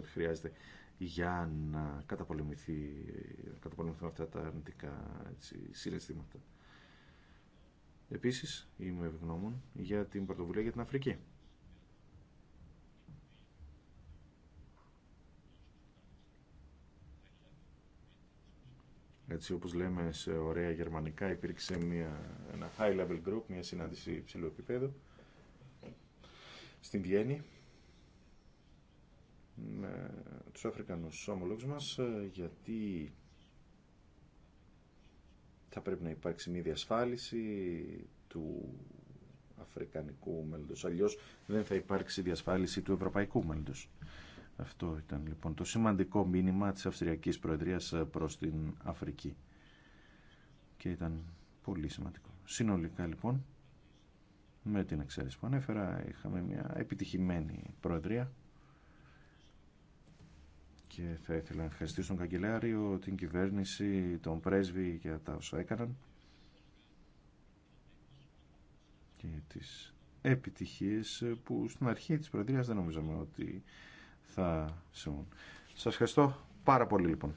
ότι χρειάζεται για να καταπολεμηθεί, καταπολεμηθούν αυτά τα αρνητικά έτσι, συναισθήματα. Επίσης, είμαι ευγνώμων για την πρωτοβουλία για την Αφρική. Έτσι όπως λέμε σε ωραία γερμανικά υπήρξε μια, ένα high level group, μια συνάντηση υψηλού επίπεδου στην Βιέννη με τους Αφρικανούς ομολόγους μας ε, γιατί θα πρέπει να υπάρξει μια διασφάλιση του αφρικανικού μέλλοντος. Αλλιώς δεν θα υπάρξει διασφάλιση του ευρωπαϊκού μέλλοντος. Αυτό ήταν λοιπόν το σημαντικό μήνυμα της Αυστριακής Προεδρίας ε, προς την Αφρική. Και ήταν πολύ σημαντικό. Συνολικά λοιπόν, με την εξαίρεση που ανέφερα, είχαμε μια επιτυχημένη Προεδρία και θα ήθελα να ευχαριστήσω τον Καγκελάριο, την κυβέρνηση, τον πρέσβη για τα όσα έκαναν και τις επιτυχίες που στην αρχή της Προεδρίας δεν νομίζαμε ότι θα συμβούν. Σας ευχαριστώ πάρα πολύ λοιπόν.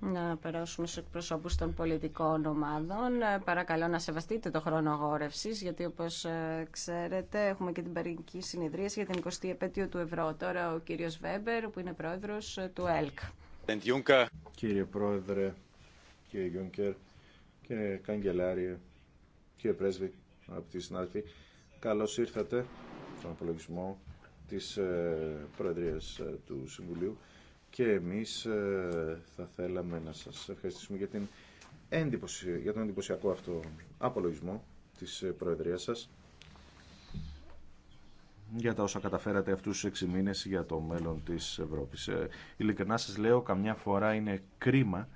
Να περάσουμε στου εκπροσώπους των πολιτικών ομάδων. Ε, παρακαλώ να σεβαστείτε το χρόνο αγόρευσης, γιατί όπως ε, ξέρετε έχουμε και την παρενική συνεδρίαση για την 20η επέτειο του ευρώ. Τώρα ο κύριος Βέμπερ, που είναι πρόεδρος ε, του ΕΛΚ. Κύριε Πρόεδρε, κύριε Γιούνκερ, κύριε Καγκελάριε, κύριε Πρέσβη, αγαπητοί συνάδελφοι, καλώς ήρθατε στον απολογισμό της Προεδρίας του Συμβουλίου και εμείς ε, θα θέλαμε να σας ευχαριστήσουμε για, την έντυπωση, για τον εντυπωσιακό αυτό απολογισμό της ε, Προεδρίας σας για τα όσα καταφέρατε αυτούς τους έξι μήνες για το μέλλον της Ευρώπης. Ε, ειλικρινά σας λέω, καμιά φορά είναι κρίμα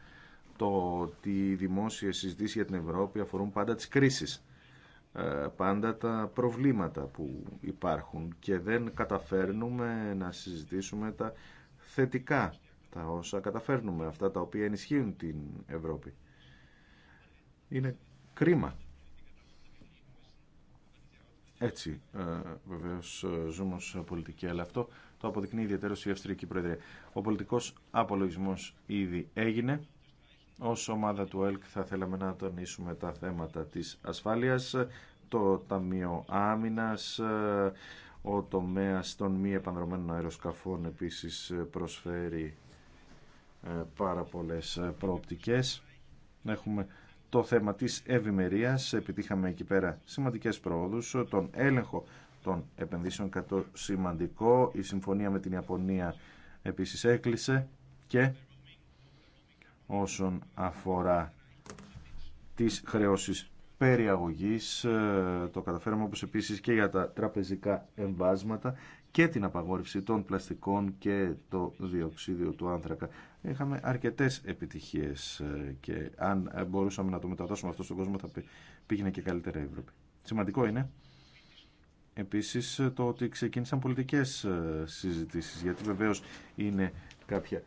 το ότι οι δημόσιες συζητήσεις για την Ευρώπη αφορούν πάντα τις κρίσεις, πάντα τα προβλήματα που υπάρχουν και δεν καταφέρνουμε να συζητήσουμε τα θετικά τα όσα καταφέρνουμε, αυτά τα οποία ενισχύουν την Ευρώπη. Είναι κρίμα. Έτσι, ε, βεβαίω ε, ζούμε ως πολιτική, αλλά αυτό το αποδεικνύει ιδιαίτερο η Αυστρική Προεδρία. Ο πολιτικός απολογισμός ήδη έγινε. Ως ομάδα του ΕΛΚ θα θέλαμε να τονίσουμε τα θέματα της ασφάλειας, το Ταμείο Άμυνας, ε, ο τομέας των μη επανδρομένων αεροσκαφών επίσης ε, προσφέρει ε, πάρα πολλές ε, προοπτικές. Έχουμε το θέμα της ευημερία. Επιτύχαμε εκεί πέρα σημαντικές προόδους. Τον έλεγχο των επενδύσεων κατ' σημαντικό. Η συμφωνία με την Ιαπωνία επίσης έκλεισε και όσον αφορά τις χρεώσεις περιαγωγής, ε, το καταφέραμε όπως επίσης και για τα τραπεζικά εμβάσματα και την απαγόρευση των πλαστικών και το διοξίδιο του άνθρακα. Είχαμε αρκετές επιτυχίες ε, και αν μπορούσαμε να το μεταδώσουμε αυτό στον κόσμο θα πήγαινε και καλύτερα η Ευρώπη. Σημαντικό είναι επίσης το ότι ξεκίνησαν πολιτικές ε, συζητήσεις γιατί βεβαίως είναι κάποια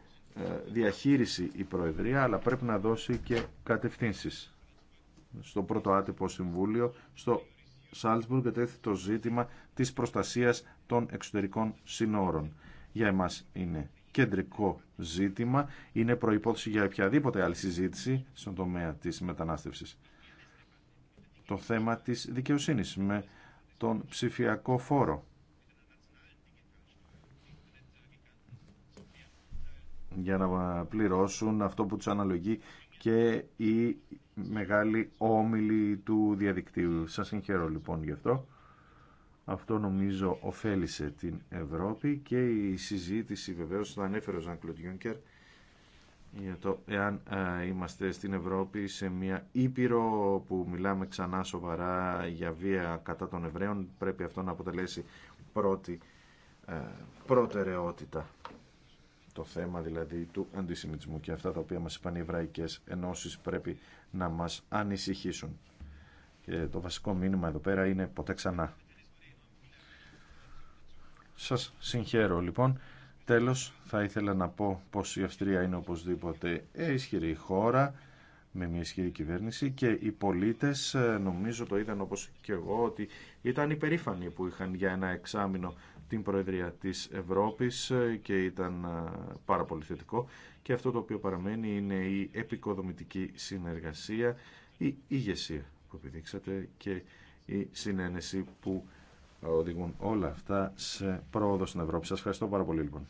διαχείριση η Προεδρία αλλά πρέπει να δώσει και κατευθύνσεις στο πρώτο άτυπο συμβούλιο στο Σάλτσμπουργκ κατέθεται το ζήτημα της προστασίας των εξωτερικών συνόρων. Για εμάς είναι κεντρικό ζήτημα, είναι προϋπόθεση για οποιαδήποτε άλλη συζήτηση στον τομέα της μετανάστευσης. Το θέμα της δικαιοσύνης με τον ψηφιακό φόρο. για να πληρώσουν αυτό που τους αναλογεί και οι μεγάλη όμιλη του διαδικτύου. Σας συγχαίρω λοιπόν γι' αυτό. Αυτό νομίζω ωφέλησε την Ευρώπη και η συζήτηση βεβαίως θα ανέφερε ο Ζαν για το εάν είμαστε στην Ευρώπη σε μια ήπειρο που μιλάμε ξανά σοβαρά για βία κατά των Εβραίων πρέπει αυτό να αποτελέσει πρώτη προτεραιότητα το θέμα δηλαδή του αντισημιτισμού και αυτά τα οποία μας είπαν οι εβραϊκές ενώσεις πρέπει να μας ανησυχήσουν. Και το βασικό μήνυμα εδώ πέρα είναι ποτέ ξανά. Σας συγχαίρω λοιπόν. Τέλος θα ήθελα να πω πως η Αυστρία είναι οπωσδήποτε ε, ισχυρή χώρα με μια ισχυρή κυβέρνηση και οι πολίτες ε, νομίζω το είδαν όπως και εγώ ότι ήταν υπερήφανοι που είχαν για ένα εξάμεινο την Προεδρία της Ευρώπης ε, και ήταν ε, πάρα πολύ θετικό και αυτό το οποίο παραμένει είναι η επικοδομητική συνεργασία, η ηγεσία που επιδείξατε και η συνένεση που ε, οδηγούν όλα αυτά σε πρόοδο στην Ευρώπη. Σας ευχαριστώ πάρα πολύ λοιπόν.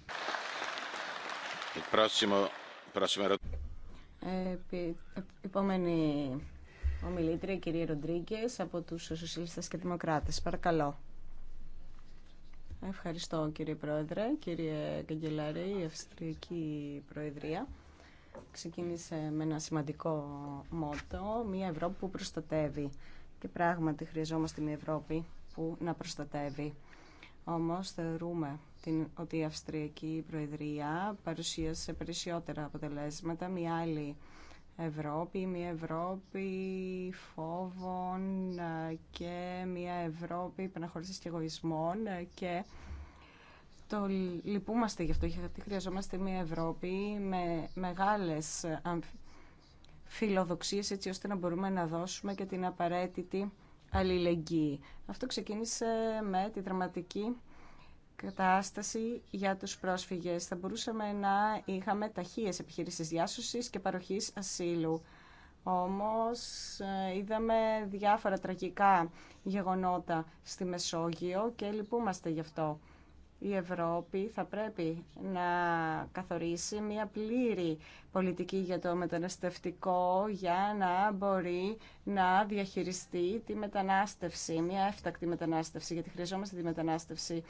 Επόμενη ομιλήτρια, κυρία Ροντρίγκε από τους Σοσιαλιστές και Δημοκράτες. Παρακαλώ. Ευχαριστώ κύριε Πρόεδρε, κύριε Καγκελάρη, η Αυστριακή Προεδρία ξεκίνησε με ένα σημαντικό μότο, μια Ευρώπη που προστατεύει. Και πράγματι χρειαζόμαστε μια Ευρώπη που να προστατεύει. Όμως θεωρούμε την, ότι η Αυστριακή Προεδρία παρουσίασε περισσότερα αποτελέσματα, μια άλλη Ευρώπη, μια Ευρώπη φόβων ε, και μια Ευρώπη υπεναχωρήσεις και εγωισμών ε, και το λυπούμαστε γι' αυτό γιατί χρειαζόμαστε μια Ευρώπη με μεγάλες ε, φιλοδοξίες έτσι ώστε να μπορούμε να δώσουμε και την απαραίτητη αλληλεγγύη. Αυτό ξεκίνησε με τη δραματική κατάσταση για τους πρόσφυγες. Θα μπορούσαμε να είχαμε ταχείες επιχειρήσεις διάσωσης και παροχής ασύλου. Όμως ε, είδαμε διάφορα τραγικά γεγονότα στη Μεσόγειο και λυπούμαστε γι' αυτό. Η Ευρώπη θα πρέπει να καθορίσει μια πλήρη πολιτική για το μεταναστευτικό για να μπορεί να διαχειριστεί τη μετανάστευση, μια έφτακτη μετανάστευση, γιατί χρειαζόμαστε τη μετανάστευση.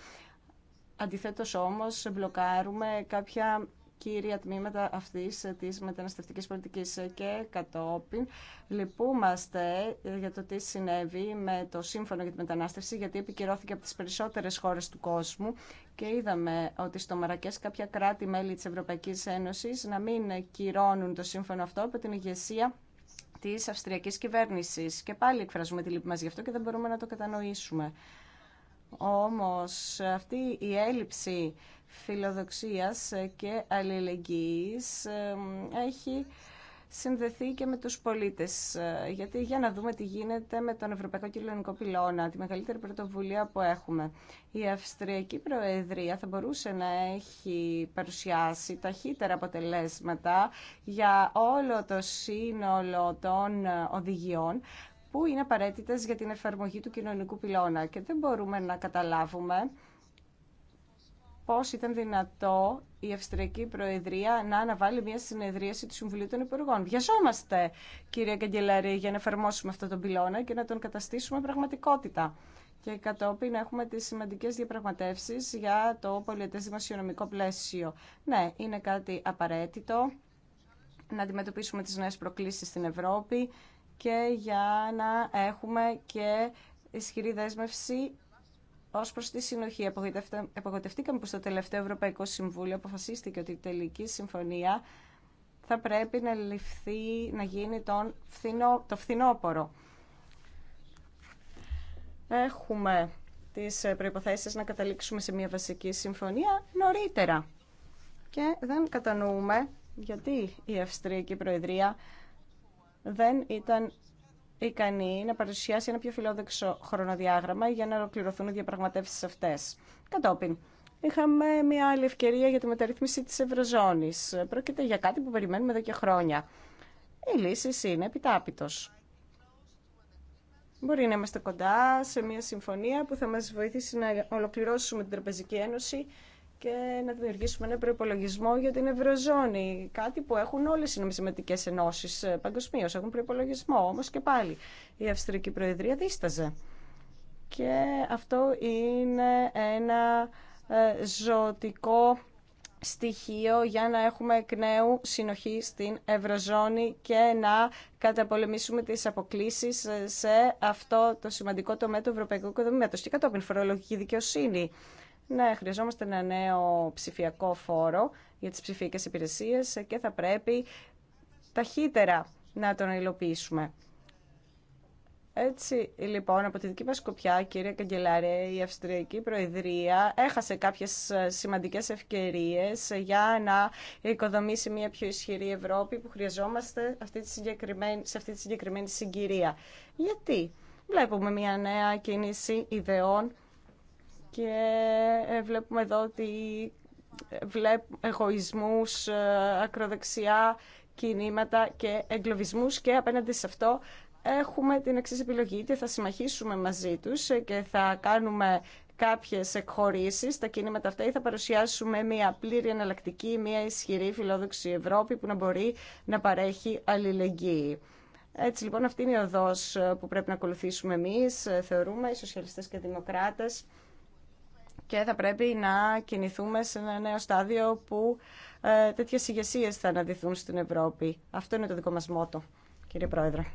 Αντιθέτως όμως μπλοκάρουμε κάποια κύρια τμήματα αυτής της μεταναστευτικής πολιτικής και κατόπιν λυπούμαστε για το τι συνέβη με το Σύμφωνο για τη Μετανάστευση γιατί επικυρώθηκε από τις περισσότερες χώρες του κόσμου και είδαμε ότι στο Μαρακές κάποια κράτη-μέλη της Ευρωπαϊκής Ένωσης να μην κυρώνουν το σύμφωνο αυτό από την ηγεσία της αυστριακής κυβέρνησης. Και πάλι εκφράζουμε τη λύπη μας γι' αυτό και δεν μπορούμε να το κατανοήσουμε. Όμως αυτή η έλλειψη φιλοδοξίας και αλληλεγγύης έχει συνδεθεί και με τους πολίτες. Γιατί για να δούμε τι γίνεται με τον Ευρωπαϊκό Κοινωνικό Πυλώνα, τη μεγαλύτερη πρωτοβουλία που έχουμε. Η Αυστριακή Προεδρία θα μπορούσε να έχει παρουσιάσει ταχύτερα αποτελέσματα για όλο το σύνολο των οδηγιών που είναι απαραίτητες για την εφαρμογή του κοινωνικού πυλώνα και δεν μπορούμε να καταλάβουμε πώς ήταν δυνατό η Αυστριακή Προεδρία να αναβάλει μια συνεδρίαση του Συμβουλίου των Υπουργών. Βιαζόμαστε, κύριε Καγκελαρή, για να εφαρμόσουμε αυτόν τον πυλώνα και να τον καταστήσουμε πραγματικότητα. Και κατόπιν έχουμε τις σημαντικές διαπραγματεύσεις για το πολιτές δημοσιονομικό πλαίσιο. Ναι, είναι κάτι απαραίτητο να αντιμετωπίσουμε τις νέες προκλήσεις στην Ευρώπη, και για να έχουμε και ισχυρή δέσμευση Ω προ τη συνοχή, απογοητευτήκαμε που στο τελευταίο Ευρωπαϊκό Συμβούλιο αποφασίστηκε ότι η τελική συμφωνία θα πρέπει να ληφθεί, να γίνει τον φθινό, το φθινόπωρο. Έχουμε τις προϋποθέσεις να καταλήξουμε σε μια βασική συμφωνία νωρίτερα. Και δεν κατανοούμε γιατί η Αυστριακή Προεδρία δεν ήταν ικανή να παρουσιάσει ένα πιο φιλόδοξο χρονοδιάγραμμα για να ολοκληρωθούν οι διαπραγματεύσεις αυτές. Κατόπιν, είχαμε μια άλλη ευκαιρία για τη μεταρρύθμιση της Ευρωζώνης. Πρόκειται για κάτι που περιμένουμε εδώ και χρόνια. Οι λύσει είναι επιτάπητος. Μπορεί να είμαστε κοντά σε μια συμφωνία που θα μας βοηθήσει να ολοκληρώσουμε την Τραπεζική Ένωση και να δημιουργήσουμε ένα προπολογισμό για την Ευρωζώνη. Κάτι που έχουν όλε οι νομισματικέ ενώσει ε, παγκοσμίω. Έχουν προπολογισμό. Όμω και πάλι η Αυστρική Προεδρία δίσταζε. Και αυτό είναι ένα ε, ζωτικό στοιχείο για να έχουμε εκ νέου συνοχή στην Ευρωζώνη και να καταπολεμήσουμε τις αποκλίσεις ε, σε αυτό το σημαντικό τομέα του Ευρωπαϊκού Οικοδομήματος και κατόπιν φορολογική δικαιοσύνη. Ναι, χρειαζόμαστε ένα νέο ψηφιακό φόρο για τις ψηφιακές υπηρεσίες και θα πρέπει ταχύτερα να τον υλοποιήσουμε. Έτσι, λοιπόν, από τη δική μας σκοπιά, κύριε Καγκελάρε, η Αυστριακή Προεδρία έχασε κάποιες σημαντικές ευκαιρίες για να οικοδομήσει μια πιο ισχυρή Ευρώπη που χρειαζόμαστε αυτή τη σε αυτή τη συγκεκριμένη συγκυρία. Γιατί βλέπουμε μια νέα κίνηση ιδεών και ε, βλέπουμε εδώ ότι ε, βλέπουμε εγωισμούς, ε, ακροδεξιά κινήματα και εγκλωβισμούς και απέναντι σε αυτό έχουμε την εξής επιλογή, είτε θα συμμαχίσουμε μαζί τους και θα κάνουμε κάποιες εκχωρήσεις τα κινήματα αυτά ή θα παρουσιάσουμε μια πλήρη εναλλακτική, μια ισχυρή φιλόδοξη Ευρώπη που να μπορεί να παρέχει αλληλεγγύη. Έτσι λοιπόν αυτή είναι η οδός που πρέπει να ακολουθήσουμε εμείς, θεωρούμε, οι σοσιαλιστές και δημοκράτες και θα πρέπει να κινηθούμε σε ένα νέο στάδιο που ε, τέτοιες ηγεσίε θα αναδυθούν στην Ευρώπη. Αυτό είναι το δικό μας μότο, κύριε Πρόεδρε.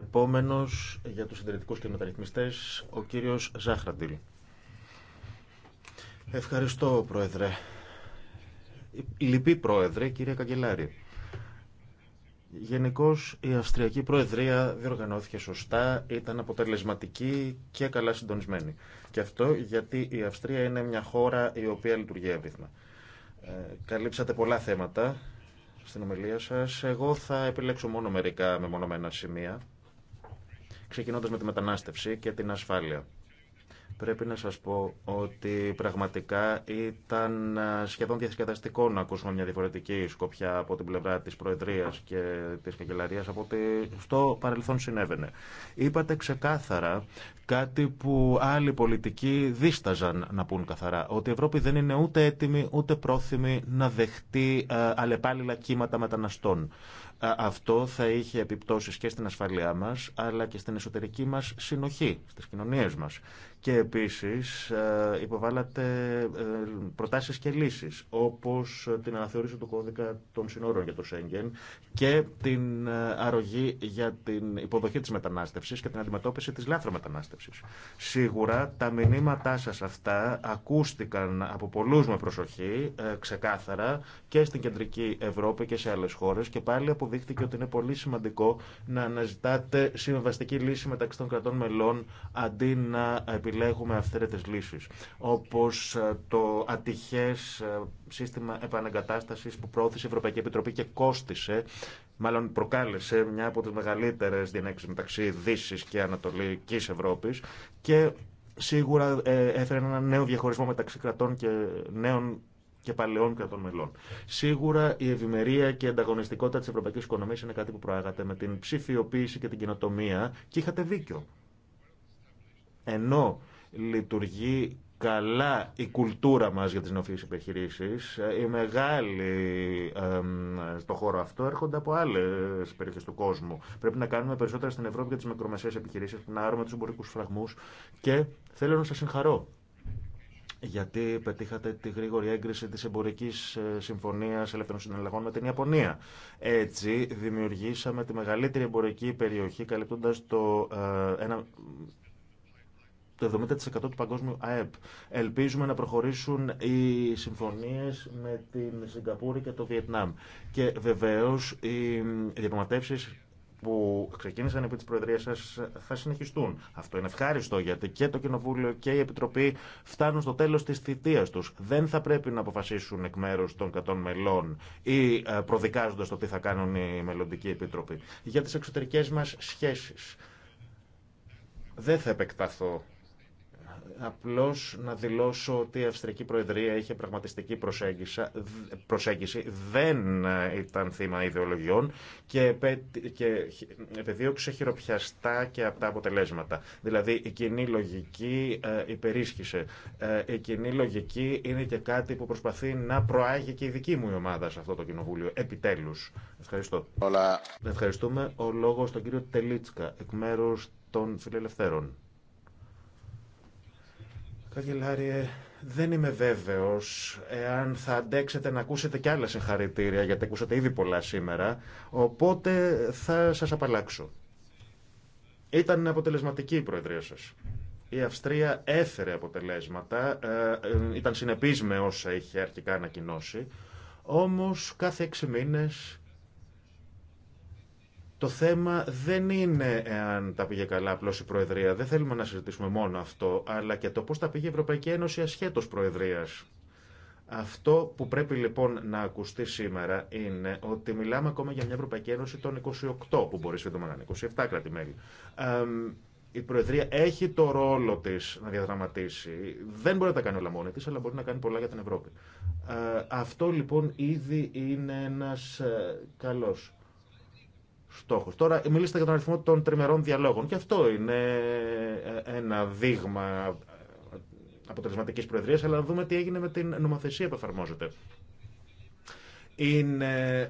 Επόμενο για του συντηρητικού και μεταρρυθμιστέ, ο κύριο Ζάχραντιλ. Ευχαριστώ, Πρόεδρε. Λυπή Πρόεδρε, κύριε Καγκελάρη. Γενικώ η Αυστριακή Προεδρία διοργανώθηκε σωστά, ήταν αποτελεσματική και καλά συντονισμένη. Και αυτό γιατί η Αυστρία είναι μια χώρα η οποία λειτουργεί εύρυθμα. Ε, καλύψατε πολλά θέματα στην ομιλία σας. Εγώ θα επιλέξω μόνο μερικά μεμονωμένα σημεία, ξεκινώντας με τη μετανάστευση και την ασφάλεια. Πρέπει να σας πω ότι πραγματικά ήταν ε, σχεδόν διασκεδαστικό να ακούσουμε μια διαφορετική σκοπιά από την πλευρά της Προεδρίας και της Καγκελαρίας από ότι στο παρελθόν συνέβαινε. Είπατε ξεκάθαρα κάτι που άλλοι πολιτικοί δίσταζαν να πούν καθαρά, ότι η Ευρώπη δεν είναι ούτε έτοιμη ούτε πρόθυμη να δεχτεί ε, αλλεπάλληλα κύματα μεταναστών. Αυτό θα είχε επιπτώσεις και στην ασφαλειά μας, αλλά και στην εσωτερική μας συνοχή, στις κοινωνίες μας. Και επίσης υποβάλλατε ε, προτάσεις και λύσεις, όπως την αναθεωρήση του κώδικα των συνόρων για το Σέγγεν και την ε, αρρωγή για την υποδοχή της μετανάστευσης και την αντιμετώπιση της λάθρομετανάστευσης. Σίγουρα τα μηνύματά σας αυτά ακούστηκαν από πολλούς με προσοχή, ε, ξεκάθαρα, και στην Κεντρική Ευρώπη και σε άλλες χώρες και πάλι από δείχθηκε ότι είναι πολύ σημαντικό να αναζητάτε συμβαστική λύση μεταξύ των κρατών μελών αντί να επιλέγουμε αυθαίρετες λύσεις. Όπως ε, το ατυχές ε, σύστημα επαναγκατάστασης που προώθησε η Ευρωπαϊκή Επιτροπή και κόστισε μάλλον προκάλεσε μια από τις μεγαλύτερες διενέξεις μεταξύ Δύσης και Ανατολικής Ευρώπης και σίγουρα ε, έφερε ένα νέο διαχωρισμό μεταξύ κρατών και νέων και παλαιών και των μελών. Σίγουρα η ευημερία και η ανταγωνιστικότητα τη ευρωπαϊκή οικονομία είναι κάτι που προάγατε με την ψηφιοποίηση και την κοινοτομία και είχατε δίκιο. Ενώ λειτουργεί καλά η κουλτούρα μας για τις νοφίες επιχειρήσεις. Ε, οι μεγάλοι στο χώρο αυτό έρχονται από άλλες περιοχές του κόσμου. Πρέπει να κάνουμε περισσότερα στην Ευρώπη για τις μικρομεσαίες επιχειρήσεις, να άρουμε τους εμπορικούς φραγμούς και θέλω να σας συγχαρώ γιατί πετύχατε τη γρήγορη έγκριση της εμπορικής ε, συμφωνίας ελεύθερων συναλλαγών με την Ιαπωνία. Έτσι δημιουργήσαμε τη μεγαλύτερη εμπορική περιοχή καλύπτοντας το, ε, ένα, το 70% του παγκόσμιου ΑΕΠ. Ελπίζουμε να προχωρήσουν οι συμφωνίες με την Σιγκαπούρη και το Βιετνάμ. Και βεβαίως οι διαπραγματεύσεις που ξεκίνησαν επί τη Προεδρία σα θα συνεχιστούν. Αυτό είναι ευχάριστο γιατί και το Κοινοβούλιο και η Επιτροπή φτάνουν στο τέλο τη θητεία του. Δεν θα πρέπει να αποφασίσουν εκ μέρου των 100 μελών ή ε, προδικάζοντα το τι θα κάνουν οι μελλοντικοί επιτροποί. Για τι εξωτερικέ μα σχέσει. Δεν θα επεκταθώ απλώς να δηλώσω ότι η Αυστρική Προεδρία είχε πραγματιστική προσέγγιση, δεν ήταν θύμα ιδεολογιών και επεδίωξε χειροπιαστά και από τα αποτελέσματα. Δηλαδή η κοινή λογική ε, υπερίσχυσε. Ε, η κοινή λογική είναι και κάτι που προσπαθεί να προάγει και η δική μου ομάδα σε αυτό το κοινοβούλιο. Επιτέλους. Ευχαριστώ. Ευχαριστούμε. Ο λόγος στον κύριο Τελίτσκα, εκ μέρους των φιλελευθέρων. Καγκελάριε, δεν είμαι βέβαιος εάν θα αντέξετε να ακούσετε κι άλλα συγχαρητήρια, γιατί ακούσατε ήδη πολλά σήμερα, οπότε θα σα απαλλάξω. Ήταν αποτελεσματική η προεδρία σα. Η Αυστρία έφερε αποτελέσματα, ε, ε, ήταν συνεπής με όσα είχε αρχικά ανακοινώσει, όμως κάθε έξι μήνες το θέμα δεν είναι εάν τα πήγε καλά απλώ η Προεδρία. Δεν θέλουμε να συζητήσουμε μόνο αυτό, αλλά και το πώ τα πήγε η Ευρωπαϊκή Ένωση ασχέτω Προεδρία. Αυτό που πρέπει λοιπόν να ακουστεί σήμερα είναι ότι μιλάμε ακόμα για μια Ευρωπαϊκή Ένωση των 28, που μπορεί σύντομα να είναι 27 κράτη-μέλη. Η Προεδρία έχει το ρόλο τη να διαδραματίσει. Δεν μπορεί να τα κάνει όλα μόνη τη, αλλά μπορεί να κάνει πολλά για την Ευρώπη. Αυτό λοιπόν ήδη είναι ένα ε, καλό στόχου. Τώρα μιλήσατε για τον αριθμό των τριμερών διαλόγων και αυτό είναι ε, ένα δείγμα ε, αποτελεσματική προεδρία, αλλά να δούμε τι έγινε με την νομοθεσία που εφαρμόζεται. Είναι ε,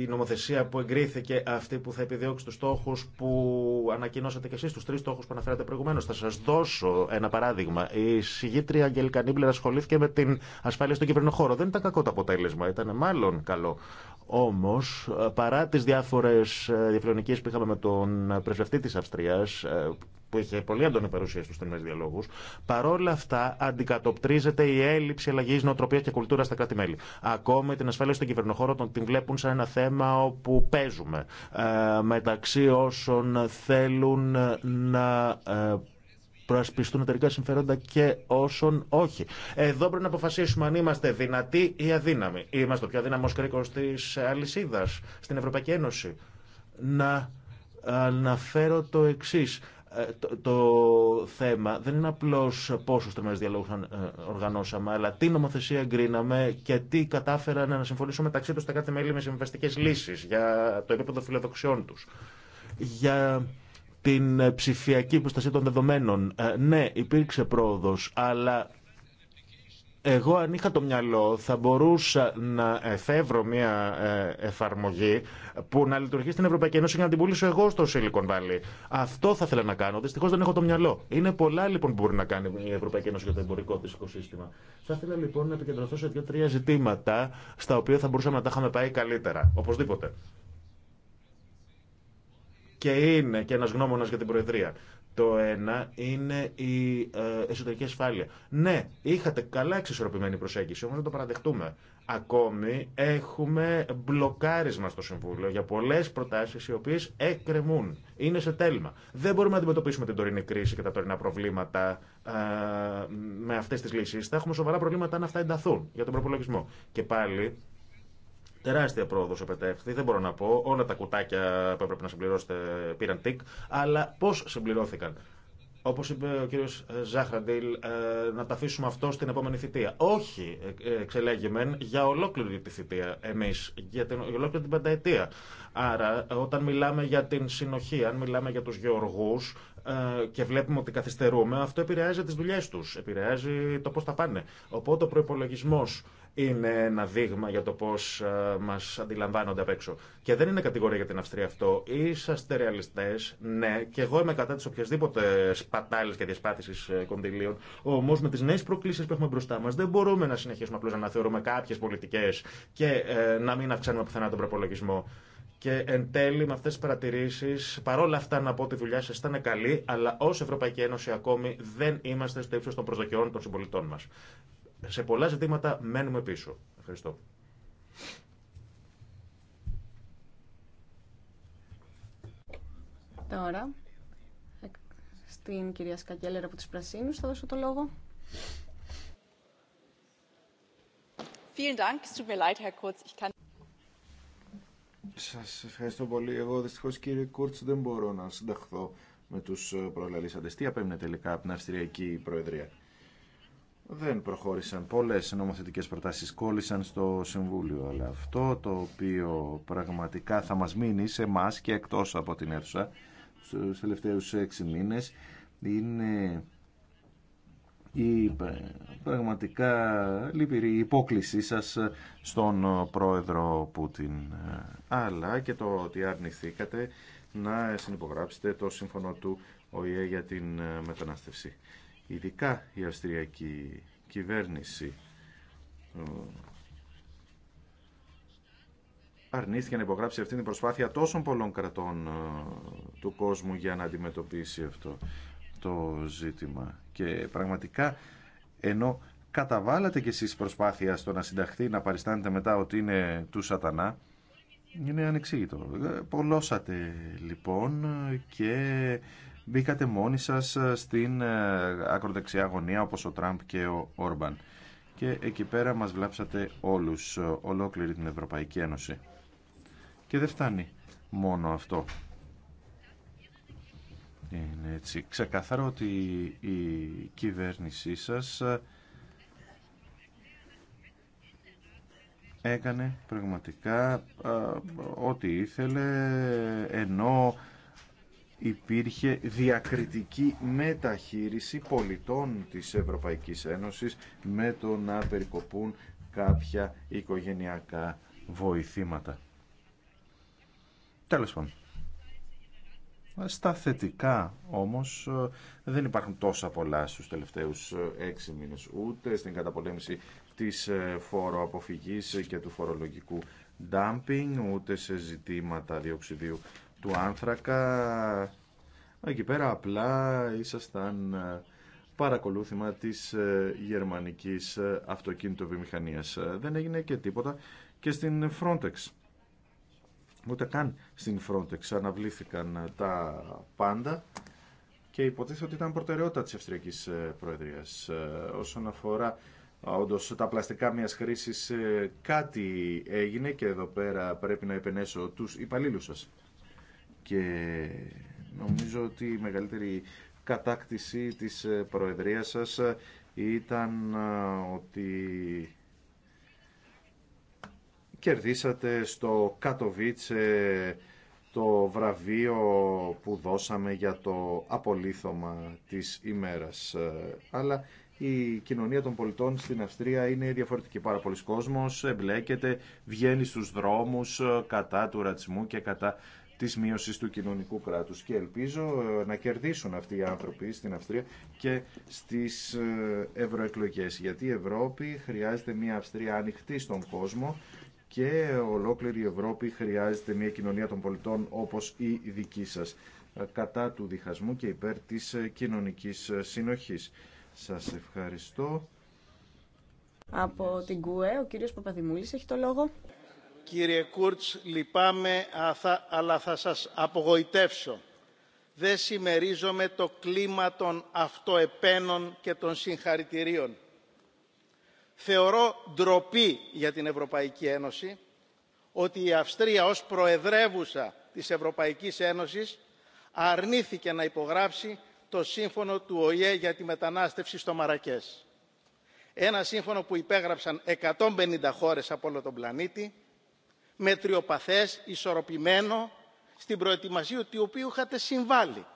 η νομοθεσία που εγκρίθηκε αυτή που θα επιδιώξει του στόχου που ανακοινώσατε και εσεί, του τρει στόχου που αναφέρατε προηγουμένω. Θα σα δώσω ένα παράδειγμα. Η συγγήτρια Αγγελικά ασχολήθηκε με την ασφάλεια στον κυβερνοχώρο. Δεν ήταν κακό το αποτέλεσμα, ήταν μάλλον καλό. Όμως, παρά τις διάφορες ε, διαφιλονικίες που είχαμε με τον πρεσβευτή της Αυστρίας, ε, που είχε πολύ έντονη παρουσία στου τελευταίους διαλόγου, παρόλα αυτά αντικατοπτρίζεται η έλλειψη αλλαγή νοοτροπία και κουλτούρα στα κράτη-μέλη. Ακόμα την ασφάλεια στον κυβερνοχώρο τον την βλέπουν σαν ένα θέμα όπου παίζουμε ε, μεταξύ όσων θέλουν να προασπιστούν εταιρικά συμφέροντα και όσων όχι. Εδώ πρέπει να αποφασίσουμε αν είμαστε δυνατοί ή αδύναμοι. Είμαστε ο πιο αδύναμο κρίκο τη αλυσίδα στην Ευρωπαϊκή Ένωση. Να αναφέρω το εξή. Ε, το, θέμα δεν είναι απλώ πόσου τρομερέ διαλόγου ε, οργανώσαμε, αλλά τι νομοθεσία εγκρίναμε και τι κατάφεραν να συμφωνήσουν μεταξύ του τα κάθε μέλη με συμβαστικέ λύσει για το επίπεδο φιλοδοξιών του. Για την ε, ψηφιακή προστασία των δεδομένων. Ε, ναι, υπήρξε πρόοδος, αλλά εγώ αν είχα το μυαλό θα μπορούσα να εφεύρω μια ε, εφαρμογή που να λειτουργεί στην Ευρωπαϊκή Ένωση και να την πουλήσω εγώ στο Silicon Valley. Αυτό θα ήθελα να κάνω. Δυστυχώ δεν έχω το μυαλό. Είναι πολλά λοιπόν που μπορεί να κάνει η Ευρωπαϊκή Ένωση για το εμπορικό τη οικοσύστημα. Θα ήθελα λοιπόν να επικεντρωθώ σε δύο-τρία ζητήματα στα οποία θα μπορούσαμε να τα είχαμε πάει καλύτερα. Οπωσδήποτε και είναι και ένας γνώμονας για την Προεδρία. Το ένα είναι η ε, εσωτερική ασφάλεια. Ναι, είχατε καλά εξισορροπημένη προσέγγιση, όμως να το παραδεχτούμε. Ακόμη έχουμε μπλοκάρισμα στο Συμβούλιο για πολλέ προτάσει, οι οποίε εκκρεμούν. Είναι σε τέλμα. Δεν μπορούμε να αντιμετωπίσουμε την τωρινή κρίση και τα τωρινά προβλήματα ε, με αυτέ τι λύσει. Θα έχουμε σοβαρά προβλήματα αν αυτά ενταθούν για τον προπολογισμό. Και πάλι Τεράστια πρόοδο επετεύχθη. Δεν μπορώ να πω. Όλα τα κουτάκια που έπρεπε να συμπληρώσετε πήραν τικ. Αλλά πώ συμπληρώθηκαν. Όπω είπε ο κύριο ε, Ζάχραντιλ, ε, να τα αφήσουμε αυτό στην επόμενη θητεία. Όχι, ε, εξελέγημεν, για ολόκληρη τη θητεία εμεί, για, την, για ολόκληρη την πενταετία. Άρα, όταν μιλάμε για την συνοχή, αν μιλάμε για του γεωργού και βλέπουμε ότι καθυστερούμε, αυτό επηρεάζει τι δουλειέ του, επηρεάζει το πώ θα πάνε. Οπότε ο προπολογισμό είναι ένα δείγμα για το πώ ε, μα αντιλαμβάνονται απ' έξω. Και δεν είναι κατηγορία για την Αυστρία αυτό. Είσαστε ρεαλιστέ, ναι, και εγώ είμαι κατά τη οποιασδήποτε σπατάλη και διασπάθηση ε, κονδυλίων. Όμω με τι νέε προκλήσει που έχουμε μπροστά μα δεν μπορούμε να συνεχίσουμε απλώ να θεωρούμε κάποιε πολιτικέ και ε, να μην αυξάνουμε πουθενά τον προπολογισμό. Και εν τέλει, με αυτέ τι παρατηρήσει, παρόλα αυτά να πω ότι η δουλειά σα ήταν καλή, αλλά ω Ευρωπαϊκή Ένωση ακόμη δεν είμαστε στο ύψο των προσδοκιών των συμπολιτών μα σε πολλά ζητήματα μένουμε πίσω. Ευχαριστώ. Τώρα, στην κυρία Σκακέλερα από τους Πρασίνους θα δώσω το λόγο. Σας ευχαριστώ πολύ. Εγώ δυστυχώς κύριε Κούρτς δεν μπορώ να συνταχθώ με τους προλαλήσαντες. Τι απέμεινε τελικά από την Αυστριακή Προεδρία δεν προχώρησαν. Πολλές νομοθετικές προτάσεις κόλλησαν στο Συμβούλιο, αλλά αυτό το οποίο πραγματικά θα μας μείνει σε εμά και εκτός από την αίθουσα στους τελευταίους έξι μήνες είναι η πραγματικά λυπηρή υπόκλησή σας στον πρόεδρο Πούτιν αλλά και το ότι αρνηθήκατε να συνυπογράψετε το σύμφωνο του ΟΗΕ για την μετανάστευση ειδικά η αυστριακή κυβέρνηση αρνήθηκε να υπογράψει αυτή την προσπάθεια τόσων πολλών κρατών του κόσμου για να αντιμετωπίσει αυτό το ζήτημα. Και πραγματικά ενώ καταβάλατε κι εσείς προσπάθεια στο να συνταχθεί, να παριστάνετε μετά ότι είναι του σατανά, είναι ανεξήγητο. Ε, πολλώσατε λοιπόν και μπήκατε μόνοι σας ε, στην ε, ακροδεξιά γωνία όπως ο Τραμπ και ο Όρμπαν. Και εκεί πέρα μας βλάψατε όλους, ε, ολόκληρη την Ευρωπαϊκή Ένωση. Και δεν φτάνει μόνο αυτό. Είναι έτσι ξεκαθαρό ότι η κυβέρνησή σας έκανε πραγματικά ό,τι ήθελε ενώ υπήρχε διακριτική μεταχείριση πολιτών της Ευρωπαϊκής Ένωσης με το να περικοπούν κάποια οικογενειακά βοηθήματα. Τέλος πάντων. Στα θετικά όμως ε, δεν υπάρχουν τόσα πολλά στους τελευταίους ε, έξι μήνες ούτε στην καταπολέμηση της ε, φοροαποφυγής και του φορολογικού dumping ούτε σε ζητήματα διοξιδίου του άνθρακα. Εκεί πέρα απλά ήσασταν ε, παρακολούθημα της ε, γερμανικής ε, αυτοκίνητοβιομηχανίας. Δεν έγινε και τίποτα και στην Frontex. Ούτε καν στην Frontex αναβλήθηκαν τα πάντα και υποτίθεται ότι ήταν προτεραιότητα της Αυστριακής Προεδρίας. Όσον αφορά Όντω, τα πλαστικά μιας χρήσης κάτι έγινε και εδώ πέρα πρέπει να επενέσω τους υπαλλήλου σας και νομίζω ότι η μεγαλύτερη κατάκτηση της ε, Προεδρίας σας ε, ήταν ε, ότι κερδίσατε στο Κατοβίτσε το βραβείο που δώσαμε για το απολύθωμα της ημέρας. Αλλά η κοινωνία των πολιτών στην Αυστρία είναι διαφορετική. Πάρα πολλοί κόσμος εμπλέκεται, βγαίνει στους δρόμους κατά του ρατσισμού και κατά Τη μείωση του κοινωνικού κράτου. και ελπίζω ε, να κερδίσουν αυτοί οι άνθρωποι στην Αυστρία και στις ε, ευρωεκλογέ. γιατί η Ευρώπη χρειάζεται μια Αυστρία ανοιχτή στον κόσμο και ολόκληρη η Ευρώπη χρειάζεται μια κοινωνία των πολιτών όπως η δική σας ε, κατά του διχασμού και υπέρ της κοινωνικής συνοχής. Σας ευχαριστώ. Από την ΚΟΕ, ο κύριος Παπαδημούλης έχει το λόγο. Κύριε Κούρτς, λυπάμαι, αλλά θα σας απογοητεύσω. Δεν συμμερίζομαι το κλίμα των αυτοεπένων και των συγχαρητηρίων. Θεωρώ ντροπή για την Ευρωπαϊκή Ένωση ότι η Αυστρία ως προεδρεύουσα της Ευρωπαϊκής Ένωσης αρνήθηκε να υπογράψει το σύμφωνο του ΟΗΕ για τη μετανάστευση στο Μαρακές. Ένα σύμφωνο που υπέγραψαν 150 χώρες από όλο τον πλανήτη μετριοπαθές, ισορροπημένο, στην προετοιμασία του οποίου είχατε συμβάλει.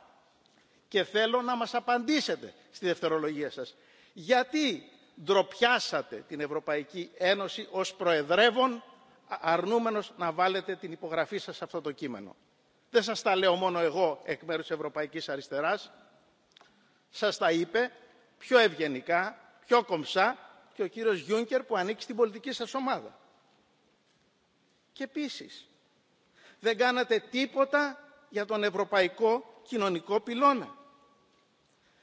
Και θέλω να μας απαντήσετε στη δευτερολογία σας. Γιατί ντροπιάσατε την Ευρωπαϊκή Ένωση ως προεδρεύων αρνούμενος να βάλετε την υπογραφή σας σε αυτό το κείμενο. Δεν σας τα λέω μόνο εγώ εκ μέρους της Ευρωπαϊκής Αριστεράς. Σας τα είπε πιο ευγενικά, πιο κομψά και ο κύριος Γιούνκερ που ανήκει στην πολιτική σας ομάδα. Και επίση, δεν κάνατε τίποτα για τον ευρωπαϊκό κοινωνικό πυλώνα.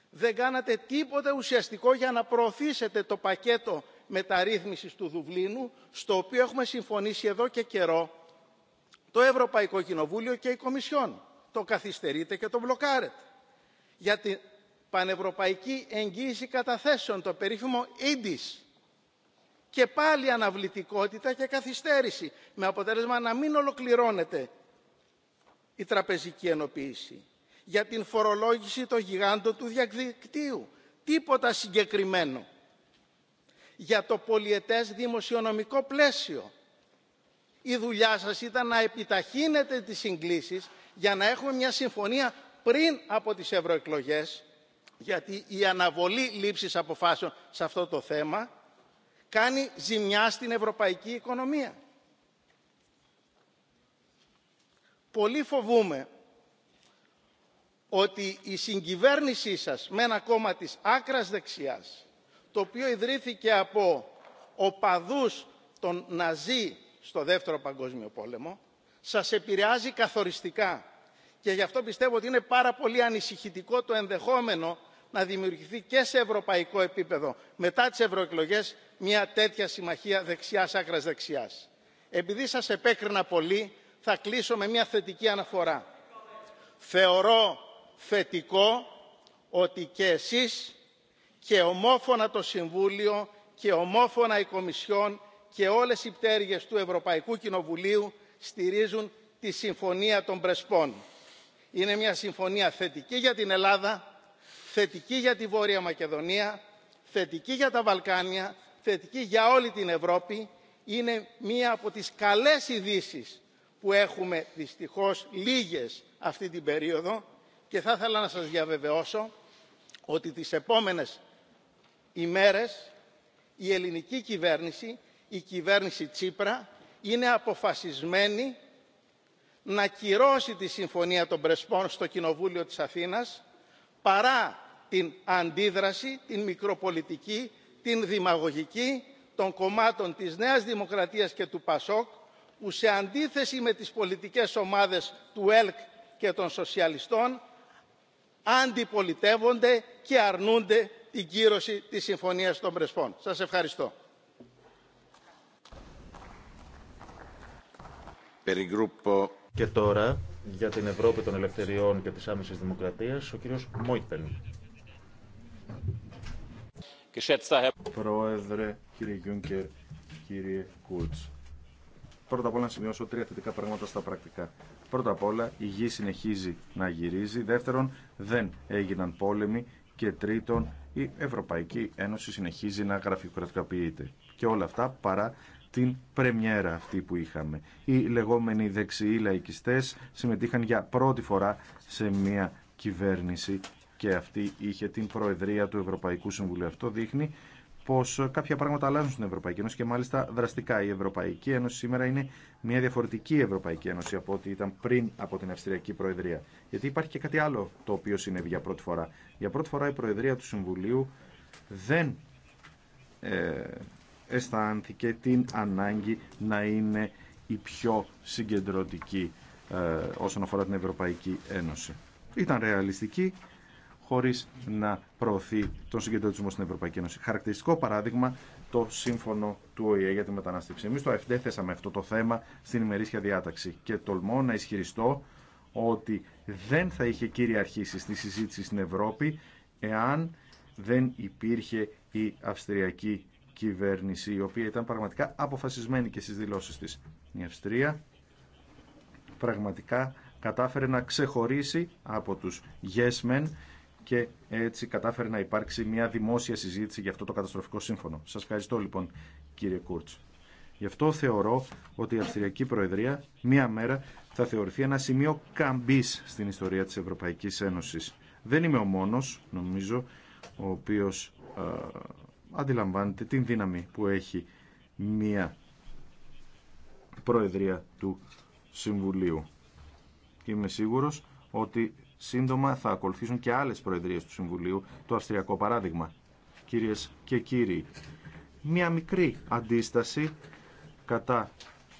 Δεν κάνατε τίποτα ουσιαστικό για να προωθήσετε το πακέτο μεταρρύθμισης του Δουβλίνου, στο οποίο έχουμε συμφωνήσει εδώ και καιρό το Ευρωπαϊκό Κοινοβούλιο και η Κομισιόν. Το καθυστερείτε και το μπλοκάρετε. Για την πανευρωπαϊκή εγγύηση καταθέσεων, το περίφημο EDIS, και πάλι αναβλητικότητα και καθυστέρηση με αποτέλεσμα να μην ολοκληρώνεται η τραπεζική ενοποίηση. Για την φορολόγηση των γιγάντων του διαδικτύου. Τίποτα συγκεκριμένο. Για το πολιετές δημοσιονομικό πλαίσιο. Η δουλειά σας ήταν να επιταχύνετε τις συγκλήσεις για να έχουμε μια συμφωνία πριν από τις ευρωεκλογές, γιατί η αναβολή λήψης αποφάσεων σε αυτό το θέμα κάνει ζημιά στην ευρωπαϊκή οικονομία. Πολύ φοβούμε ότι η συγκυβέρνησή σας με ένα κόμμα της άκρας δεξιάς, το οποίο ιδρύθηκε από οπαδούς των Ναζί στο Δεύτερο Παγκόσμιο Πόλεμο, σας επηρεάζει καθοριστικά. Και γι' αυτό πιστεύω ότι είναι πάρα πολύ ανησυχητικό το ενδεχόμενο να δημιουργηθεί και σε ευρωπαϊκό επίπεδο μετά τις ευρωεκλογέ μια τέτοια συμμαχία δεξιάς άκρας δεξιάς. Επειδή σας επέκρινα πολύ, θα κλείσω με μια θετική αναφορά. Θεωρώ θετικό ότι και εσείς και ομόφωνα το Συμβούλιο και ομόφωνα η Κομισιόν και όλες οι πτέρυγες του Ευρωπαϊκού Κοινοβουλίου στηρίζουν τη Συμφωνία των Πρεσπών. Είναι μια συμφωνία θετική για την Ελλάδα, θετική για τη βόρεια μακεδονία θετική για τα βαλκάνια θετική για όλη την ευρώπη είναι μία από τις καλές ειδήσει που έχουμε δυστυχώς λίγες αυτή την περίοδο και θα ήθελα να σας διαβεβαιώσω ότι τις επόμενες ημέρες η ελληνική κυβέρνηση, η κυβέρνηση Τσίπρα, είναι αποφασισμένη να κυρώσει τη Συμφωνία των Πρεσπών στο Κοινοβούλιο της Αθήνας παρά την αντίδραση την μικροπολιτική την δημαγωγική των κομμάτων της νέας δημοκρατίας και του πασόκ που σε αντίθεση με τις πολιτικές ομάδες του ελκ και των σοσιαλιστών αντιπολιτεύονται και αρνούνται την κύρωση της συμφωνίας των πρεσπών. Σας ευχαριστώ για την Ευρώπη των Ελευθεριών και της Άμεσης Δημοκρατίας, ο κύριος Μόιτεν. Πρόεδρε, κύριε Γιούνκερ, κύριε Κούλτς. Πρώτα απ' όλα να σημειώσω τρία θετικά πράγματα στα πρακτικά. Πρώτα απ' όλα, η γη συνεχίζει να γυρίζει. Δεύτερον, δεν έγιναν πόλεμοι. Και τρίτον, η Ευρωπαϊκή Ένωση συνεχίζει να γραφειοκρατικοποιείται. Και όλα αυτά παρά την πρεμιέρα αυτή που είχαμε. Οι λεγόμενοι δεξιοί λαϊκιστές συμμετείχαν για πρώτη φορά σε μια κυβέρνηση και αυτή είχε την προεδρία του Ευρωπαϊκού Συμβουλίου. Αυτό δείχνει πω κάποια πράγματα αλλάζουν στην Ευρωπαϊκή Ένωση και μάλιστα δραστικά. Η Ευρωπαϊκή Ένωση σήμερα είναι μια διαφορετική Ευρωπαϊκή Ένωση από ό,τι ήταν πριν από την Αυστριακή Προεδρία. Γιατί υπάρχει και κάτι άλλο το οποίο συνέβη για πρώτη φορά. Για πρώτη φορά η Προεδρία του Συμβουλίου δεν ε, αισθάνθηκε την ανάγκη να είναι η πιο συγκεντρωτική ε, όσον αφορά την Ευρωπαϊκή Ένωση. Ήταν ρεαλιστική χωρίς να προωθεί τον συγκεντρωτισμό στην Ευρωπαϊκή Ένωση. Χαρακτηριστικό παράδειγμα το σύμφωνο του ΟΗΕ για τη μετανάστευση. Εμείς το θέσαμε αυτό το θέμα στην ημερήσια διάταξη και τολμώ να ισχυριστώ ότι δεν θα είχε κυριαρχήσει στη συζήτηση στην Ευρώπη εάν δεν υπήρχε η Αυστριακή κυβέρνηση η οποία ήταν πραγματικά αποφασισμένη και στις δηλώσεις της. Η Αυστρία πραγματικά κατάφερε να ξεχωρίσει από τους yes και έτσι κατάφερε να υπάρξει μια δημόσια συζήτηση για αυτό το καταστροφικό σύμφωνο. Σας ευχαριστώ λοιπόν κύριε Κούρτς. Γι' αυτό θεωρώ ότι η Αυστριακή Προεδρία μία μέρα θα θεωρηθεί ένα σημείο καμπής στην ιστορία της Ευρωπαϊκής Ένωσης. Δεν είμαι ο μόνος, νομίζω, ο οποίος Αντιλαμβάνεται την δύναμη που έχει μία προεδρία του Συμβουλίου. είμαι σίγουρος ότι σύντομα θα ακολουθήσουν και άλλες προεδρίες του Συμβουλίου, το αυστριακό παράδειγμα. Κυρίες και κύριοι, μία μικρή αντίσταση κατά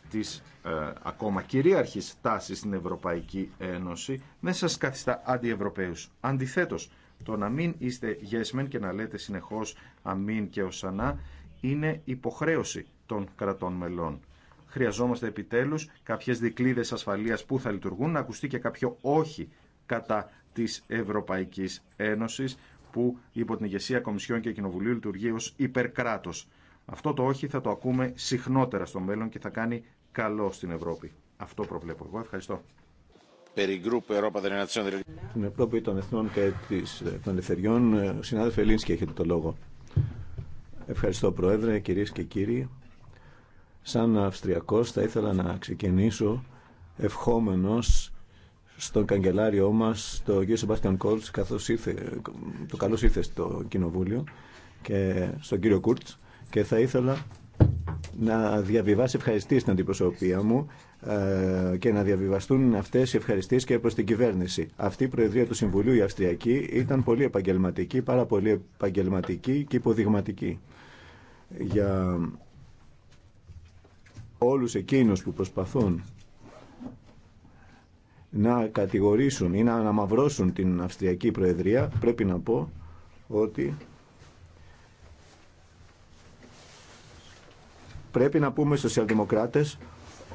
της ε, ακόμα κυρίαρχης τάσης στην Ευρωπαϊκή Ένωση δεν σας καθιστά αντιευρωπαίους. Αντιθέτως, το να μην είστε γέσμεν και να λέτε συνεχώς αμήν και οσανά είναι υποχρέωση των κρατών μελών. Χρειαζόμαστε επιτέλους κάποιες δικλείδες ασφαλείας που θα λειτουργούν, να ακουστεί και κάποιο όχι κατά της Ευρωπαϊκής Ένωσης που υπό την ηγεσία Κομισιών και Κοινοβουλίου λειτουργεί ως υπερκράτος. Αυτό το όχι θα το ακούμε συχνότερα στο μέλλον και θα κάνει καλό στην Ευρώπη. Αυτό προβλέπω εγώ. Ευχαριστώ. Στην Ευρώπη των Εθνών και ε, των Ελευθεριών, ο ε, συνάδελφε Λίνσκι έχετε το λόγο. Ευχαριστώ Πρόεδρε, κυρίε και κύριοι. Σαν Αυστριακός θα ήθελα να ξεκινήσω ευχόμενος στον καγκελάριό μα τον κύριο Σεμπάστιαν Κόλτ. καθώς ήρθε, το καλώ ήρθε στο Κοινοβούλιο και στον κύριο Κουρτ και θα ήθελα να διαβιβάσει ευχαριστή στην αντιπροσωπεία μου ε, και να διαβιβαστούν αυτέ οι ευχαριστήσεις και προ την κυβέρνηση. Αυτή η Προεδρία του Συμβουλίου, η Αυστριακή, ήταν πολύ επαγγελματική, πάρα πολύ επαγγελματική και υποδειγματική για όλους εκείνους που προσπαθούν να κατηγορήσουν ή να αναμαυρώσουν την Αυστριακή Προεδρία πρέπει να πω ότι πρέπει να πούμε στους σοσιαλδημοκράτες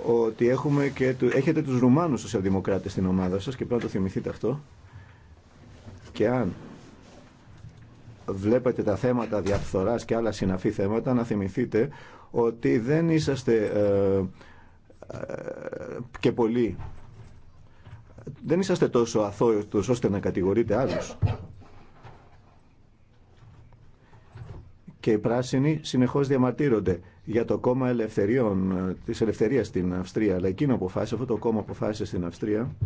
ότι έχουμε και του, έχετε τους Ρουμάνους σοσιαλδημοκράτες στην ομάδα σας και πρέπει να το θυμηθείτε αυτό. Και αν βλέπετε τα θέματα διαφθοράς και άλλα συναφή θέματα, να θυμηθείτε ότι δεν είσαστε ε, ε, και πολύ δεν είσαστε τόσο αθώοι ώστε να κατηγορείτε άλλους. και οι πράσινοι συνεχώς διαμαρτύρονται για το κόμμα ελευθεριών, ε, της ελευθερίας στην Αυστρία. Αλλά εκείνο αποφάσισε, αυτό το κόμμα αποφάσισε στην Αυστρία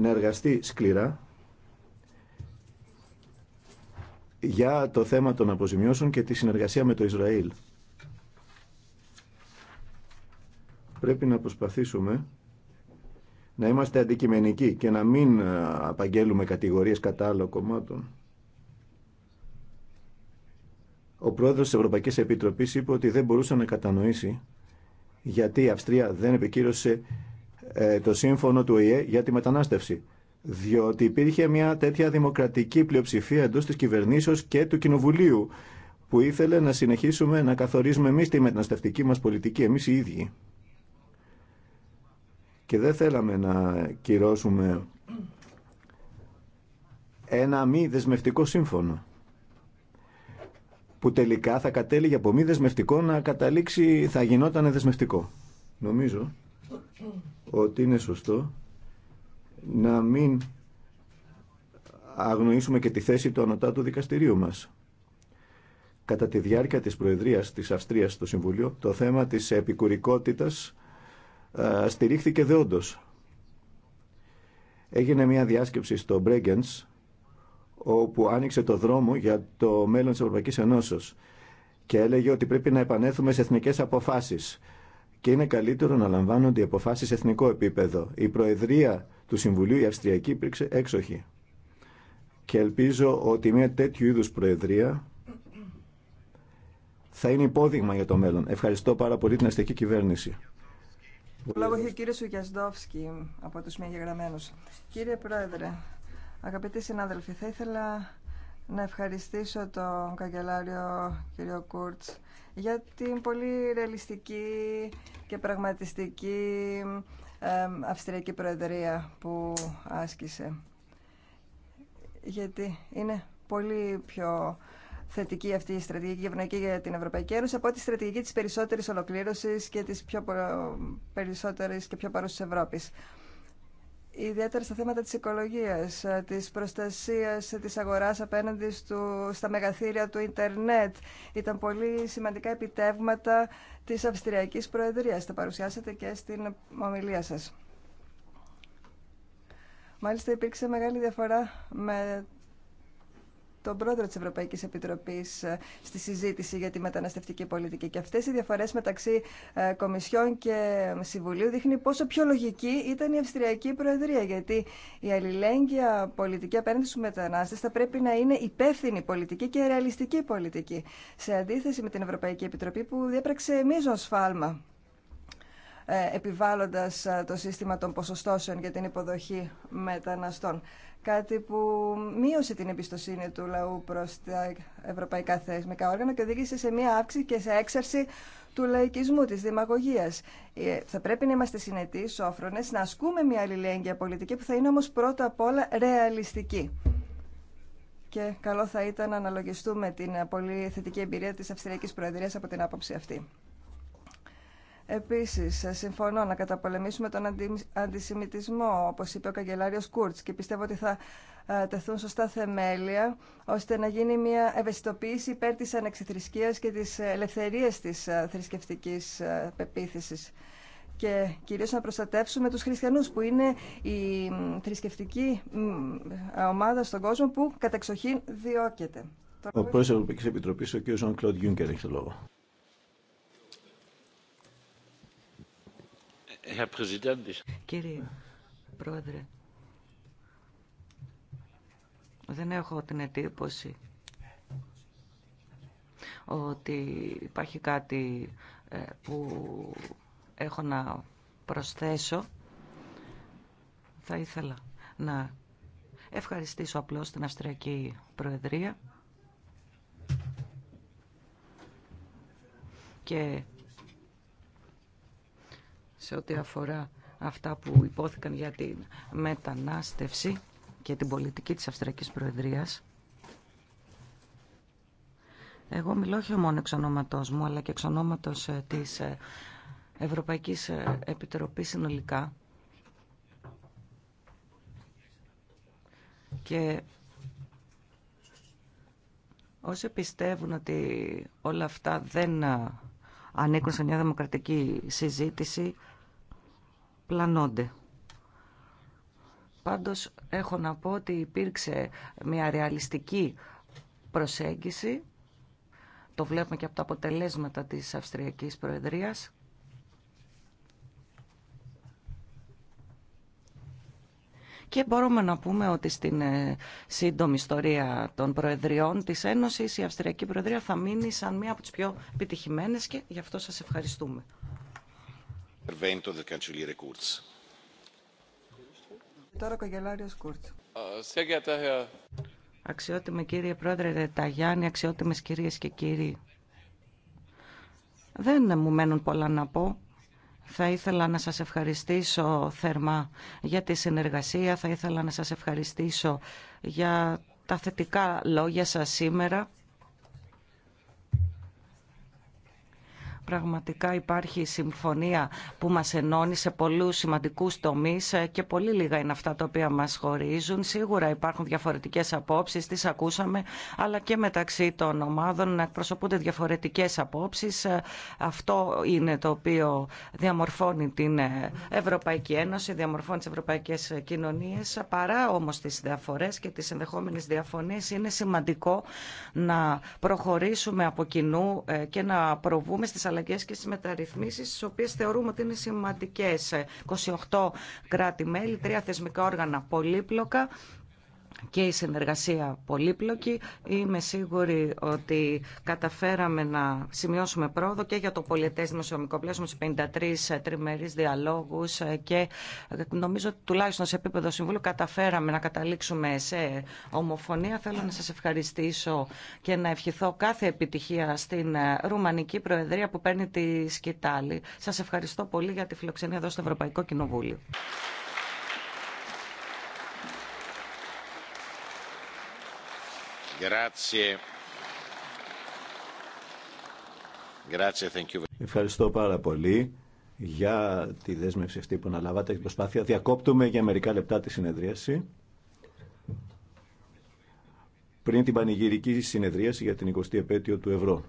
να εργαστεί σκληρά για το θέμα των αποζημιώσεων και τη συνεργασία με το Ισραήλ. Πρέπει να προσπαθήσουμε να είμαστε αντικειμενικοί και να μην ε, απαγγέλουμε κατηγορίες κατά άλλων κομμάτων. Ο πρόεδρος της Ευρωπαϊκής Επιτροπής είπε ότι δεν μπορούσε να κατανοήσει γιατί η Αυστρία δεν επικύρωσε ε, το σύμφωνο του ΟΗΕ για τη μετανάστευση. Διότι υπήρχε μια τέτοια δημοκρατική πλειοψηφία εντός της κυβερνήσεως και του Κοινοβουλίου που ήθελε να συνεχίσουμε να καθορίζουμε εμείς τη μεταναστευτική μας πολιτική, εμείς οι ίδιοι και δεν θέλαμε να κυρώσουμε ένα μη δεσμευτικό σύμφωνο που τελικά θα κατέληγε από μη δεσμευτικό να καταλήξει, θα γινόταν δεσμευτικό. Νομίζω ότι είναι σωστό να μην αγνοήσουμε και τη θέση του ανωτάτου δικαστηρίου μας. Κατά τη διάρκεια της Προεδρίας της Αυστρίας στο Συμβουλίο, το θέμα της επικουρικότητας ε, στηρίχθηκε δεόντω. Έγινε μια διάσκεψη στο Μπρέγκενς όπου άνοιξε το δρόμο για το μέλλον της Ευρωπαϊκής Ενώσεως και έλεγε ότι πρέπει να επανέλθουμε σε εθνικές αποφάσεις και είναι καλύτερο να λαμβάνονται οι αποφάσεις σε εθνικό επίπεδο. Η Προεδρία του Συμβουλίου, η Αυστριακή, υπήρξε έξοχη. Και ελπίζω ότι μια τέτοιου είδους Προεδρία θα είναι υπόδειγμα για το μέλλον. Ευχαριστώ πάρα πολύ την αστική κυβέρνηση. Λόγω έχει ο κύριο Ουγιασδόφσκι από του μια Κύριε Πρόεδρε, αγαπητοί συνάδελφοι, θα ήθελα να ευχαριστήσω τον καγκελάριο κύριο κουρτ για την πολύ ρεαλιστική και πραγματιστική αυστριακή προεδρία που άσκησε. Γιατί είναι πολύ πιο θετική αυτή η στρατηγική γευνακή για την Ευρωπαϊκή Ένωση από τη στρατηγική της περισσότερης ολοκλήρωσης και της πιο περισσότερης και πιο παρούσης Ευρώπης. Ιδιαίτερα στα θέματα της οικολογίας, της προστασίας της αγοράς απέναντι στο, στα μεγαθύρια του ίντερνετ. Ήταν πολύ σημαντικά επιτεύγματα της Αυστριακής Προεδρίας. Τα παρουσιάσατε και στην ομιλία σας. Μάλιστα υπήρξε μεγάλη διαφορά με τον πρόεδρο τη Ευρωπαϊκή Επιτροπής ε, στη συζήτηση για τη μεταναστευτική πολιτική. Και αυτέ οι διαφορέ μεταξύ ε, Κομισιόν και Συμβουλίου δείχνει πόσο πιο λογική ήταν η Αυστριακή Προεδρία, γιατί η αλληλέγγυα πολιτική απέναντι στου μετανάστες θα πρέπει να είναι υπεύθυνη πολιτική και ρεαλιστική πολιτική, σε αντίθεση με την Ευρωπαϊκή Επιτροπή που διέπραξε μείζον σφάλμα ε, επιβάλλοντας το σύστημα των ποσοστώσεων για την υποδοχή μεταναστών κάτι που μείωσε την εμπιστοσύνη του λαού προς τα ευρωπαϊκά θεσμικά όργανα και οδήγησε σε μία αύξηση και σε έξαρση του λαϊκισμού, της δημαγωγίας. Ε, θα πρέπει να είμαστε συνετοί, σόφρονες, να ασκούμε μια αλληλέγγυα πολιτική που θα είναι όμως πρώτα απ' όλα ρεαλιστική. Και καλό θα ήταν να αναλογιστούμε την πολύ θετική εμπειρία της Αυστριακής Προεδρίας από την άποψη αυτή. Επίσης, συμφωνώ να καταπολεμήσουμε τον αντισημιτισμό, όπως είπε ο καγκελάριος Κούρτς, και πιστεύω ότι θα ε, τεθούν σωστά θεμέλια, ώστε να γίνει μια ευαισθητοποίηση υπέρ της ανεξιθρησκείας και της ελευθερίας της ε, θρησκευτικής ε, πεποίθησης. Και κυρίως να προστατεύσουμε τους χριστιανούς, που είναι η θρησκευτική ομάδα στον κόσμο που κατεξοχήν διώκεται. Ο πρόεδρος της Ευρωπαϊκής Επιτροπής, ο κ. Κλοντ Γιούγκερ, έχει το λόγο. Κύριε Πρόεδρε, δεν έχω την εντύπωση ότι υπάρχει κάτι ε, που έχω να προσθέσω. Θα ήθελα να ευχαριστήσω απλώς την Αυστριακή Προεδρία και σε ό,τι αφορά αυτά που υπόθηκαν για τη μετανάστευση και την πολιτική της Αυστριακής Προεδρίας. Εγώ μιλώ όχι μόνο εξ ονόματός μου, αλλά και εξ ονόματος ε, της ε, Ευρωπαϊκής ε, Επιτροπής συνολικά. Και όσοι πιστεύουν ότι όλα αυτά δεν ανήκουν σε μια δημοκρατική συζήτηση πλανώνται. Πάντως έχω να πω ότι υπήρξε μια ρεαλιστική προσέγγιση. Το βλέπουμε και από τα αποτελέσματα της Αυστριακής Προεδρίας. Και μπορούμε να πούμε ότι στην ε, σύντομη ιστορία των Προεδριών της Ένωσης η Αυστριακή Προεδρία θα μείνει σαν μία από τις πιο επιτυχημένες και γι' αυτό σας ευχαριστούμε. Αξιότιμε κύριε Πρόεδρε Ταγιάννη, αξιότιμες κυρίες και κύριοι. Δεν μου μένουν πολλά να πω. Θα ήθελα να σας ευχαριστήσω θερμά για τη συνεργασία. Θα ήθελα να σας ευχαριστήσω για τα θετικά λόγια σας σήμερα. Πραγματικά υπάρχει συμφωνία που μας ενώνει σε πολλούς σημαντικούς τομείς και πολύ λίγα είναι αυτά τα οποία μας χωρίζουν. Σίγουρα υπάρχουν διαφορετικές απόψεις, τις ακούσαμε, αλλά και μεταξύ των ομάδων να εκπροσωπούνται διαφορετικές απόψεις. Αυτό είναι το οποίο διαμορφώνει την Ευρωπαϊκή Ένωση, διαμορφώνει τις ευρωπαϊκές κοινωνίες. Παρά όμως τις διαφορές και τις ενδεχόμενες διαφωνίες, είναι σημαντικό να προχωρήσουμε από κοινού ε, και να προβούμε στις αλλαγές και στις μεταρρυθμίσεις, τις οποίες θεωρούμε ότι είναι σημαντικές. 28 κράτη-μέλη, τρία θεσμικά όργανα πολύπλοκα και η συνεργασία πολύπλοκη. Είμαι σίγουρη ότι καταφέραμε να σημειώσουμε πρόοδο και για το πολιτέ δημοσιονομικό πλαίσιο με 53 τριμερεί διαλόγους και νομίζω ότι τουλάχιστον σε επίπεδο συμβούλου καταφέραμε να καταλήξουμε σε ομοφωνία. Θέλω να σας ευχαριστήσω και να ευχηθώ κάθε επιτυχία στην Ρουμανική Προεδρία που παίρνει τη σκητάλη. Σα ευχαριστώ πολύ για τη φιλοξενία εδώ στο Ευρωπαϊκό Κοινοβούλιο. Ευχαριστώ πάρα πολύ για τη δέσμευση αυτή που αναλάβατε την προσπάθεια. Διακόπτουμε για μερικά λεπτά τη συνεδρίαση. Πριν την πανηγυρική συνεδρίαση για την 20η επέτειο του ευρώ.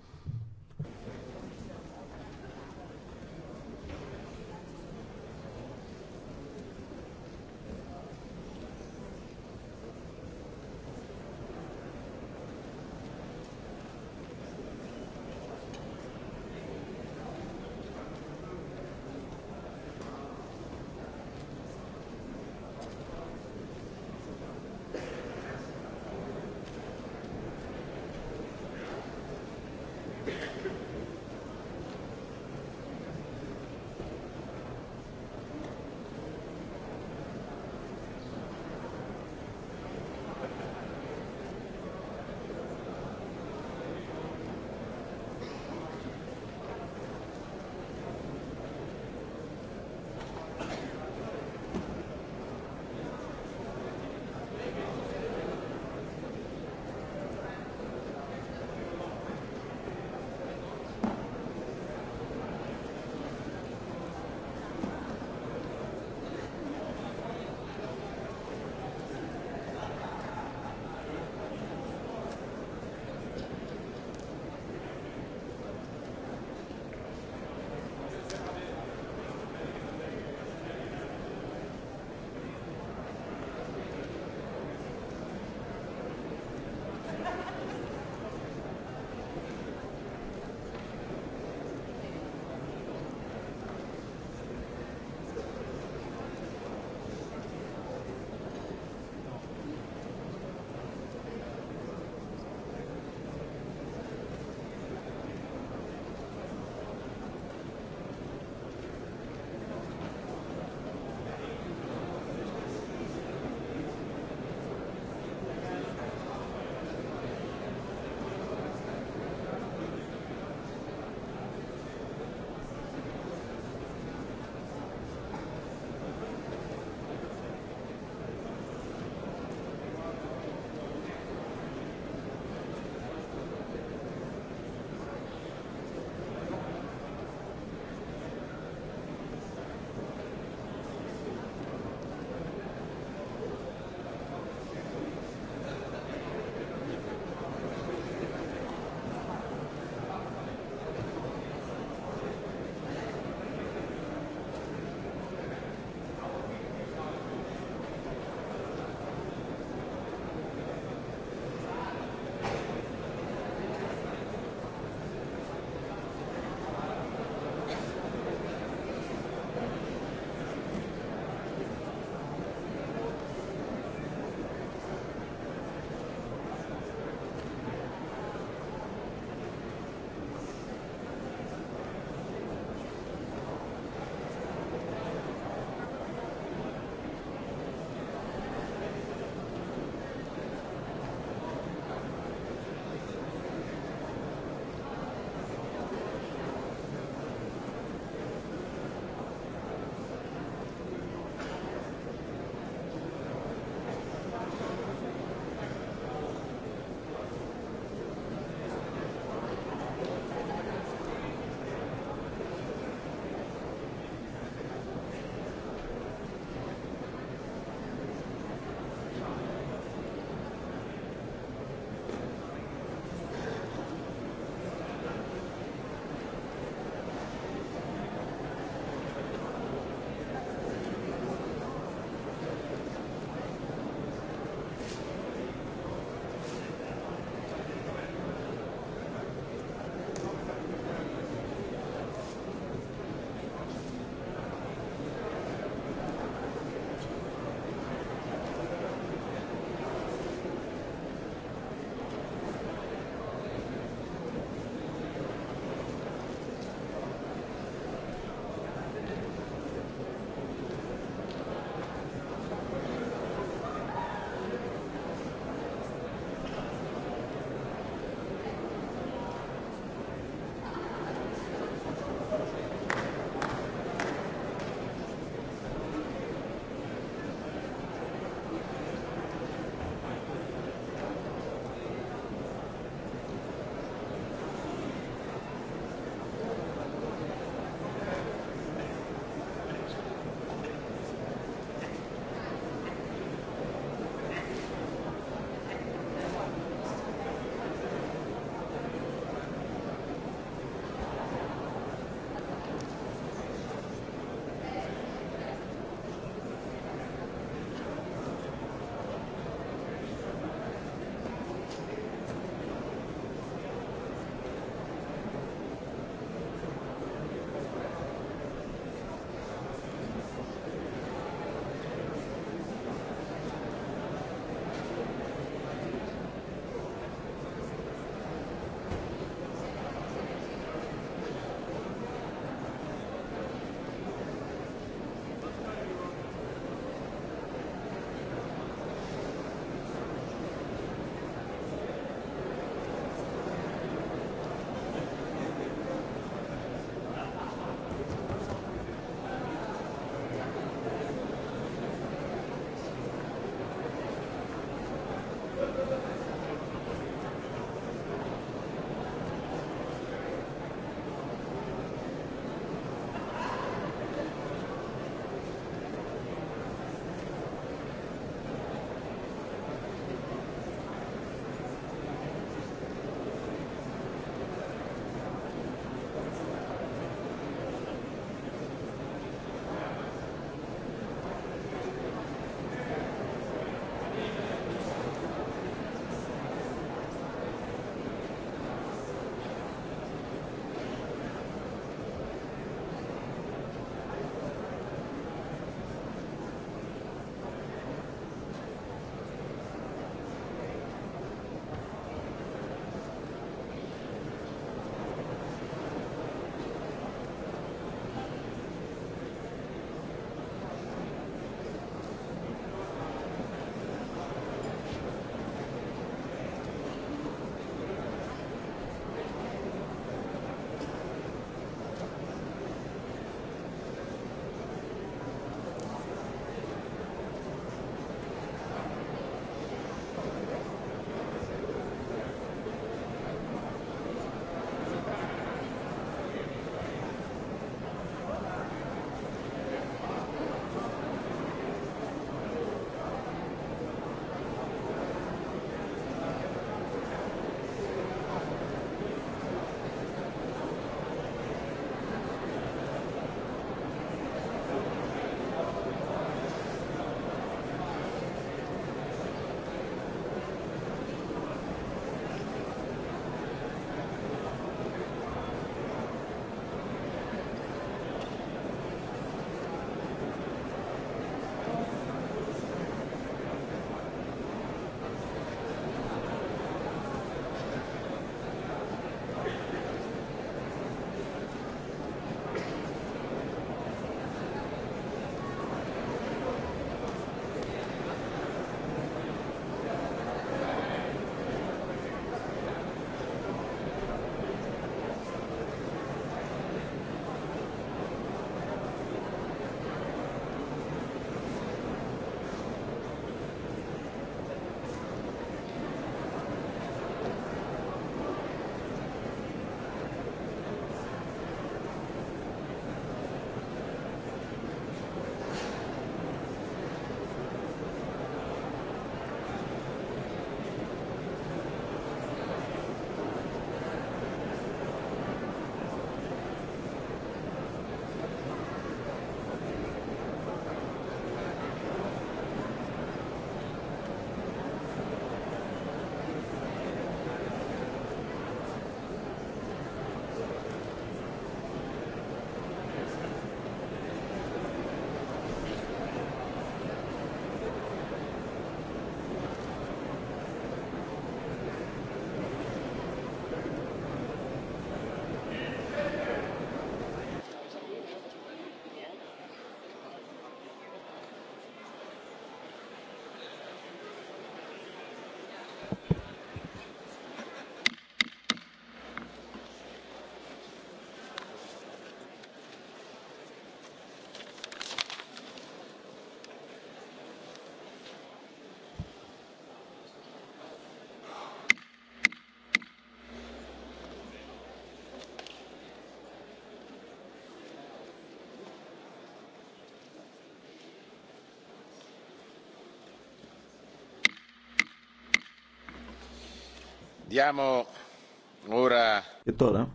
Και τώρα,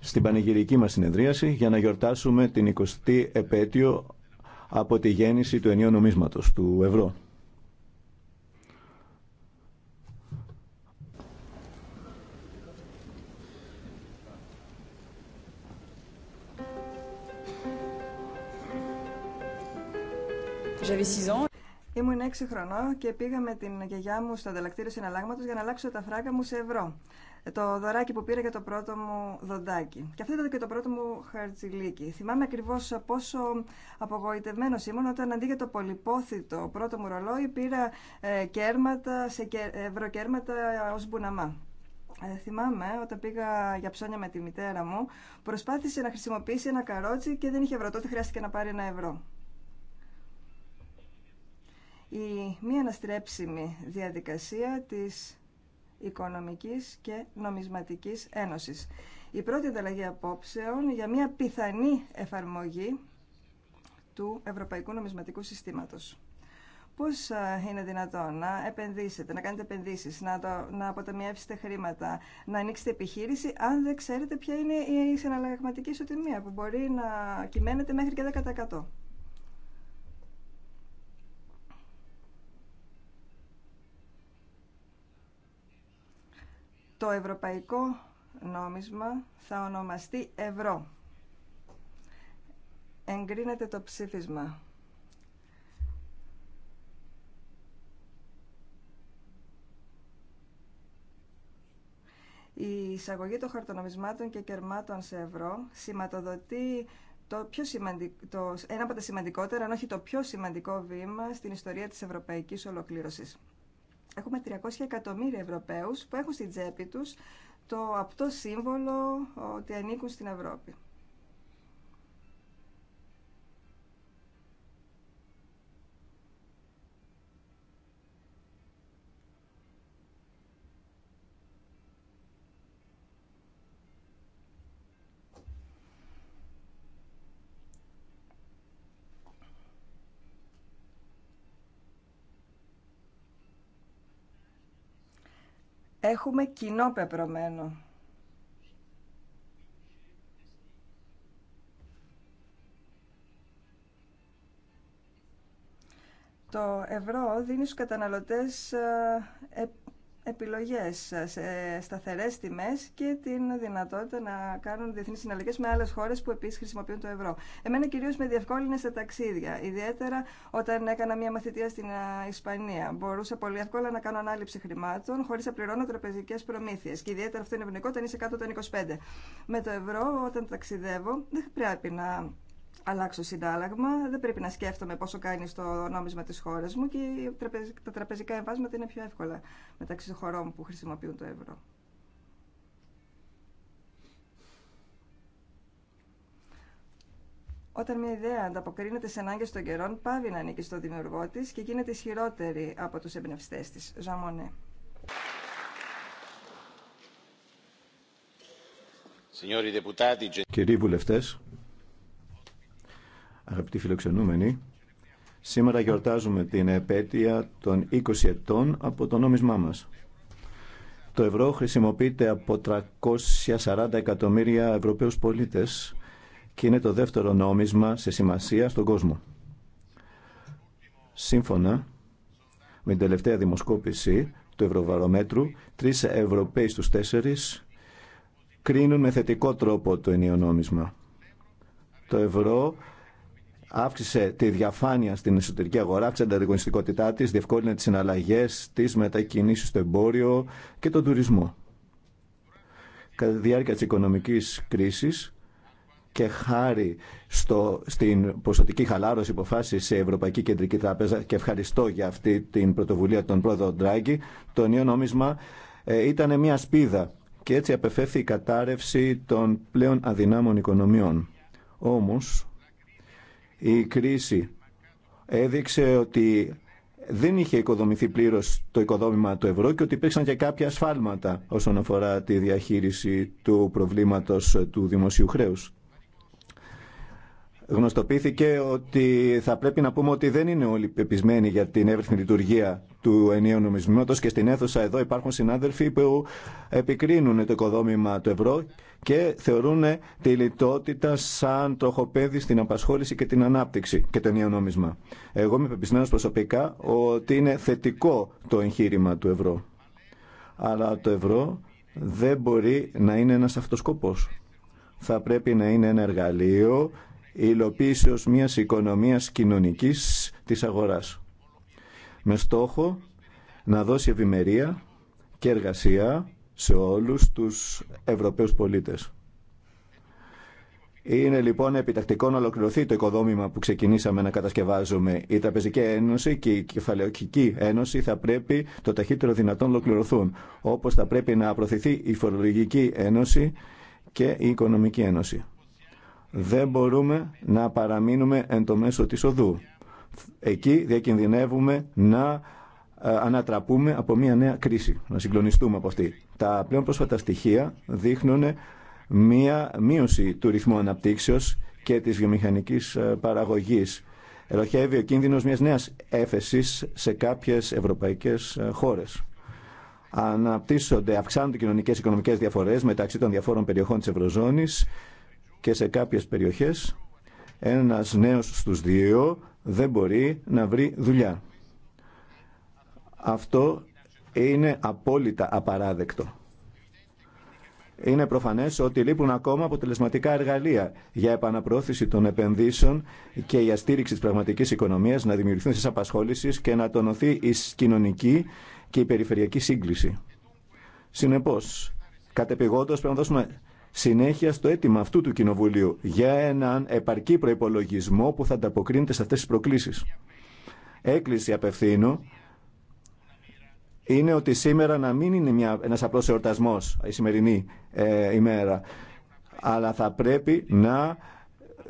στην πανηγυρική μας συνεδρίαση για να γιορτάσουμε την 20η επέτειο από τη γέννηση του ενίου νομίσματος, του ευρώ. έξι και πήγα με την γιαγιά μου στο ανταλλακτήριο συναλλάγματο για να αλλάξω τα φράγκα μου σε ευρώ. Ε, το δωράκι που πήρα για το πρώτο μου δοντάκι. Και αυτό ήταν και το πρώτο μου χαρτζηλίκι. Θυμάμαι ακριβώ πόσο απογοητευμένο ήμουν όταν αντί για το πολυπόθητο πρώτο μου ρολόι πήρα ε, κέρματα, σε ευρωκέρματα ω μπουναμά. Ε, θυμάμαι όταν πήγα για ψώνια με τη μητέρα μου, προσπάθησε να χρησιμοποιήσει ένα καρότσι και δεν είχε ευρώ. Τότε χρειάστηκε να πάρει ένα ευρώ η μη αναστρέψιμη διαδικασία της Οικονομικής και Νομισματικής Ένωσης. Η πρώτη ανταλλαγή απόψεων για μια πιθανή εφαρμογή του Ευρωπαϊκού Νομισματικού Συστήματος. Πώς είναι δυνατόν να επενδύσετε, να κάνετε επενδύσεις, να, το, να αποταμιεύσετε χρήματα, να ανοίξετε επιχείρηση, αν δεν ξέρετε ποια είναι η συναλλαγματική ισοτιμία, που μπορεί να κυμαίνεται μέχρι και 10%. το ευρωπαϊκό νόμισμα θα ονομαστεί ευρώ. Εγκρίνεται το ψήφισμα. Η εισαγωγή των χαρτονομισμάτων και κερμάτων σε ευρώ σηματοδοτεί το πιο σημαντικό, το, ένα από τα σημαντικότερα, αν όχι το πιο σημαντικό βήμα στην ιστορία της ευρωπαϊκής ολοκλήρωσης. Έχουμε 300 εκατομμύρια Ευρωπαίους που έχουν στην τσέπη τους το απτό σύμβολο ότι ανήκουν στην Ευρώπη. έχουμε κοινό πεπρωμένο. Το ευρώ δίνει στους καταναλωτές ε, επιλογές σε σταθερές τιμές και την δυνατότητα να κάνουν διεθνείς συναλλαγές με άλλες χώρες που επίσης χρησιμοποιούν το ευρώ. Εμένα κυρίως με διευκόλυνε στα ταξίδια, ιδιαίτερα όταν έκανα μια μαθητεία στην Ισπανία. Μπορούσα πολύ εύκολα να κάνω ανάληψη χρημάτων χωρίς να πληρώνω τραπεζικές προμήθειες και ιδιαίτερα αυτό είναι ευνοϊκό όταν είσαι κάτω των 25. Με το ευρώ όταν ταξιδεύω δεν πρέπει να αλλάξω συντάλλαγμα, δεν πρέπει να σκέφτομαι πόσο κάνει στο νόμισμα τη χώρα μου και τα τραπεζικά εμβάσματα είναι πιο εύκολα μεταξύ των χωρών που χρησιμοποιούν το ευρώ. Όταν μια ιδέα ανταποκρίνεται σε ανάγκε των καιρών, πάβει να ανήκει στο δημιουργό τη και γίνεται ισχυρότερη από του εμπνευστέ τη. Ζαμονέ. Κυρίοι βουλευτέ, Αγαπητοί φιλοξενούμενοι, σήμερα γιορτάζουμε την επέτεια των 20 ετών από το νόμισμά μας. Το ευρώ χρησιμοποιείται από 340 εκατομμύρια Ευρωπαίους πολίτες και είναι το δεύτερο νόμισμα σε σημασία στον κόσμο. Σύμφωνα με την τελευταία δημοσκόπηση του Ευρωβαρομέτρου, τρεις Ευρωπαίοι στους τέσσερις κρίνουν με θετικό τρόπο το ενίο νόμισμα. Το ευρώ αύξησε τη διαφάνεια στην εσωτερική αγορά, αύξησε την ανταγωνιστικότητά τη, διευκόλυνε τι συναλλαγέ τι μετακινήσει στο εμπόριο και τον τουρισμό. Κατά τη διάρκεια τη οικονομική κρίση και χάρη στο, στην ποσοτική χαλάρωση που αποφάσισε η Ευρωπαϊκή Κεντρική Τράπεζα και ευχαριστώ για αυτή την πρωτοβουλία των πρόεδρων Ντράγκη, το νέο νόμισμα ε, ήταν μια σπίδα και έτσι απεφεύθη η κατάρρευση των πλέον αδυνάμων οικονομιών. Όμως, η κρίση έδειξε ότι δεν είχε οικοδομηθεί πλήρω το οικοδόμημα του ευρώ και ότι υπήρξαν και κάποια ασφάλματα όσον αφορά τη διαχείριση του προβλήματο του δημοσίου χρέου γνωστοποιήθηκε ότι θα πρέπει να πούμε ότι δεν είναι όλοι πεπισμένοι για την εύρυθμη λειτουργία του ενίου νομισματος και στην αίθουσα εδώ υπάρχουν συνάδελφοι που επικρίνουν το οικοδόμημα του ευρώ και θεωρούν τη λιτότητα σαν τροχοπέδι στην απασχόληση και την ανάπτυξη και το ενίο νόμισμα. Εγώ είμαι πεπισμένος προσωπικά ότι είναι θετικό το εγχείρημα του ευρώ. Αλλά το ευρώ δεν μπορεί να είναι ένας αυτοσκοπός. Θα πρέπει να είναι ένα εργαλείο ως μιας οικονομίας κοινωνικής της αγοράς. Με στόχο να δώσει ευημερία και εργασία σε όλους τους Ευρωπαίους πολίτες. Είναι λοιπόν επιτακτικό να ολοκληρωθεί το οικοδόμημα που ξεκινήσαμε να κατασκευάζουμε. Η Τραπεζική Ένωση και η Κεφαλαιοκική Ένωση θα πρέπει το ταχύτερο δυνατόν να ολοκληρωθούν. ...όπως θα πρέπει να προωθηθεί η Φορολογική Ένωση και η Οικονομική Ένωση δεν μπορούμε να παραμείνουμε εν το μέσο της οδού. Εκεί διακινδυνεύουμε να ε, ανατραπούμε από μια νέα κρίση, να συγκλονιστούμε από αυτή. Τα πλέον πρόσφατα στοιχεία δείχνουν μια μείωση του ρυθμού αναπτύξεως και της βιομηχανικής ε, παραγωγής. Ελοχεύει ο κίνδυνος μιας νέας έφεσης σε κάποιες ευρωπαϊκές ε, χώρες. Αναπτύσσονται, αυξάνονται κοινωνικές και οικονομικές διαφορές μεταξύ των διαφόρων περιοχών της Ευρωζώνης και σε κάποιες περιοχές ένας νέος στους δύο δεν μπορεί να βρει δουλειά. Αυτό είναι απόλυτα απαράδεκτο. Είναι προφανές ότι λείπουν ακόμα αποτελεσματικά εργαλεία για επαναπρόθεση των επενδύσεων και για στήριξη της πραγματικής οικονομίας, να δημιουργηθούν στις απασχόλησεις και να τονωθεί η κοινωνική και η περιφερειακή σύγκληση. Συνεπώς, κατεπηγόντως πρέπει να δώσουμε συνέχεια στο αίτημα αυτού του Κοινοβουλίου για έναν επαρκή προπολογισμό που θα ανταποκρίνεται σε αυτές τις προκλήσεις. Έκκληση απευθύνω είναι ότι σήμερα να μην είναι μια, ένας απλός εορτασμός η σημερινή ε, ημέρα, αλλά θα πρέπει να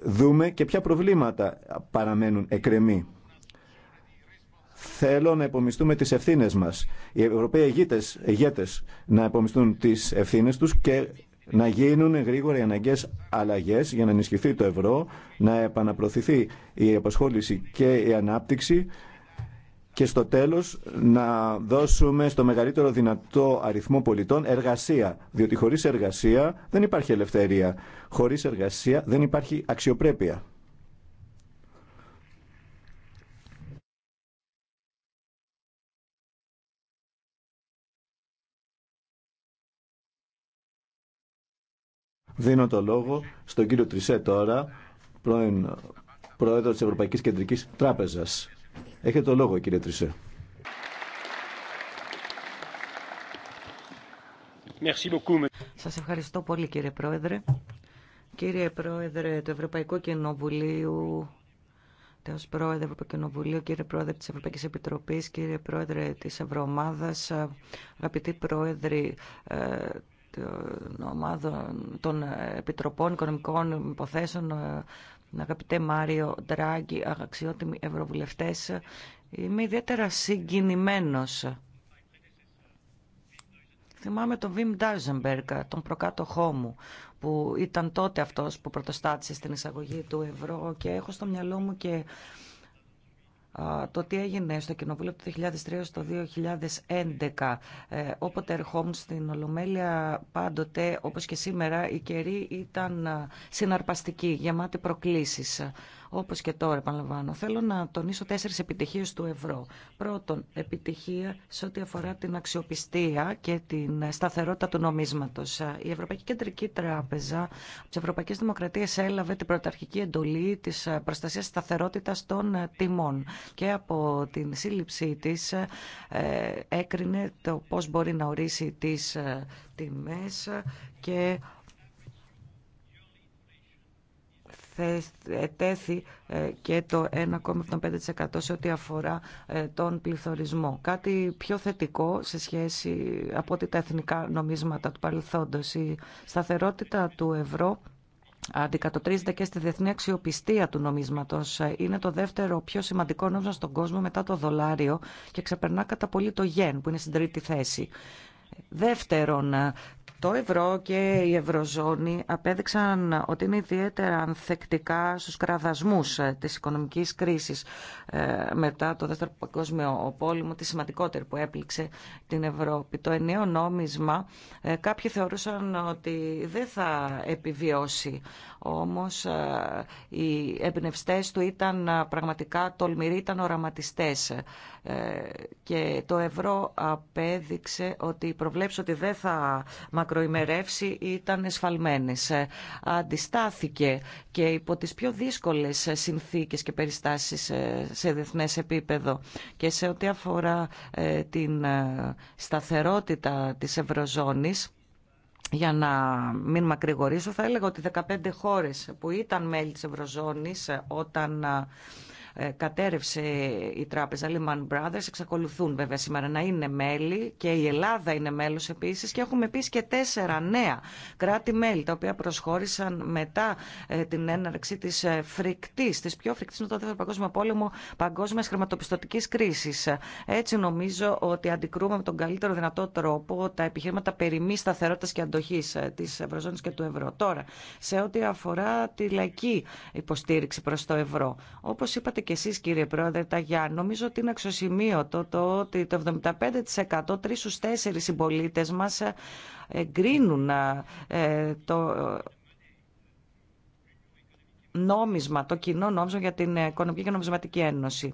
δούμε και ποια προβλήματα παραμένουν εκρεμή. Θέλω να επομιστούμε τις ευθύνες μας. Οι Ευρωπαίοι ηγέτες, να επομιστούν τις ευθύνες τους και να γίνουν γρήγορα οι αναγκαίες αλλαγές για να ενισχυθεί το ευρώ, να επαναπροωθηθεί η απασχόληση και η ανάπτυξη και στο τέλος να δώσουμε στο μεγαλύτερο δυνατό αριθμό πολιτών εργασία, διότι χωρίς εργασία δεν υπάρχει ελευθερία, χωρίς εργασία δεν υπάρχει αξιοπρέπεια. Δίνω το λόγο στον κύριο Τρισέ τώρα, πρώην πρόεδρο της Ευρωπαϊκής Κεντρικής Τράπεζας. Έχετε το λόγο κύριε Τρισέ. Σας ευχαριστώ πολύ κύριε Πρόεδρε. Κύριε Πρόεδρε του Ευρωπαϊκού Κοινοβουλίου, Τέο Πρόεδρε του Κοινοβουλίου, κύριε Πρόεδρε τη Ευρωπαϊκή Επιτροπή, κύριε Πρόεδρε τη Ευρωομάδα, αγαπητοί Πρόεδροι ε, των ομάδων των Επιτροπών Οικονομικών Υποθέσεων, ε, αγαπητέ Μάριο Ντράγκη, αξιότιμοι ευρωβουλευτές, είμαι ιδιαίτερα συγκινημένος. Θυμάμαι τον Βιμ Ντάζεμπεργκ, τον προκάτοχό μου, που ήταν τότε αυτός που πρωτοστάτησε στην εισαγωγή του ευρώ και έχω στο μυαλό μου και το τι έγινε στο Κοινοβούλιο από το 2003 στο 2011. Ε, όποτε ερχόμουν στην Ολομέλεια πάντοτε, όπως και σήμερα, η καιρή ήταν συναρπαστική, γεμάτη προκλήσεις. Όπως και τώρα, επαναλαμβάνω, θέλω να τονίσω τέσσερις επιτυχίες του ευρώ. Πρώτον, επιτυχία σε ό,τι αφορά την αξιοπιστία και την σταθερότητα του νομίσματος. Η Ευρωπαϊκή Κεντρική Τράπεζα από ευρωπαϊκή δημοκρατία έλαβε την πρωταρχική εντολή της προστασίας σταθερότητας των τιμών και από την σύλληψή της ε, έκρινε το πώς μπορεί να ορίσει τις ε, τιμές και ετέθη ε, ε, και το 1,75% σε ό,τι αφορά ε, τον πληθωρισμό. Κάτι πιο θετικό σε σχέση από ότι τα εθνικά νομίσματα του παρελθόντος. Η σταθερότητα του ευρώ αντικατοπτρίζεται και στη διεθνή αξιοπιστία του νομίσματος. Είναι το δεύτερο πιο σημαντικό νόμισμα στον κόσμο μετά το δολάριο και ξεπερνά κατά πολύ το γεν που είναι στην τρίτη θέση. Δεύτερον, το ευρώ και η ευρωζώνη απέδειξαν ότι είναι ιδιαίτερα ανθεκτικά στους κραδασμούς ε, της οικονομικής κρίσης ε, μετά το δεύτερο παγκόσμιο πόλεμο, τη σημαντικότερη που έπληξε την Ευρώπη. Το ενιαίο νόμισμα ε, κάποιοι θεωρούσαν ότι δεν θα επιβιώσει, όμως οι εμπνευστέ του ήταν πραγματικά τολμηροί, ήταν οραματιστές και το ευρώ απέδειξε ότι προβλέψει ότι δεν θα μακροημερεύσει ήταν εσφαλμένες. Ε, αντιστάθηκε και υπό τις πιο δύσκολες ε, συνθήκες και περιστάσεις ε, σε διεθνές επίπεδο και σε ό,τι αφορά την σταθερότητα της Ευρωζώνης για να μην μακρηγορήσω, θα έλεγα ότι 15 χώρες που ήταν μέλη της Ευρωζώνης όταν ε, κατέρευσε η τράπεζα Lehman Brothers, εξακολουθούν βέβαια σήμερα να είναι μέλη και η Ελλάδα είναι μέλος επίσης και έχουμε επίσης και τέσσερα νέα κράτη-μέλη τα οποία προσχώρησαν μετά ε, την έναρξη της ε, φρικτής, της πιο φρικτής με το Δεύτερο Παγκόσμιο Πόλεμο παγκόσμιας χρηματοπιστωτικής κρίσης. Έτσι νομίζω ότι αντικρούμε με τον καλύτερο δυνατό τρόπο τα επιχείρηματα περί μη σταθερότητας και αντοχής τη Ευρωζώνης και του Ευρώ. Τώρα, σε ό,τι αφορά τη λαϊκή υποστήριξη προς το Ευρώ, όπως είπατε και εσείς κύριε Πρόεδρε Ταγιά, νομίζω ότι είναι αξιοσημείωτο το ότι το 75% τρεις στους τέσσερις συμπολίτε μας ε, εγκρίνουν ε, ε, το νόμισμα, το κοινό νόμισμα για την Οικονομική και Νομισματική Ένωση.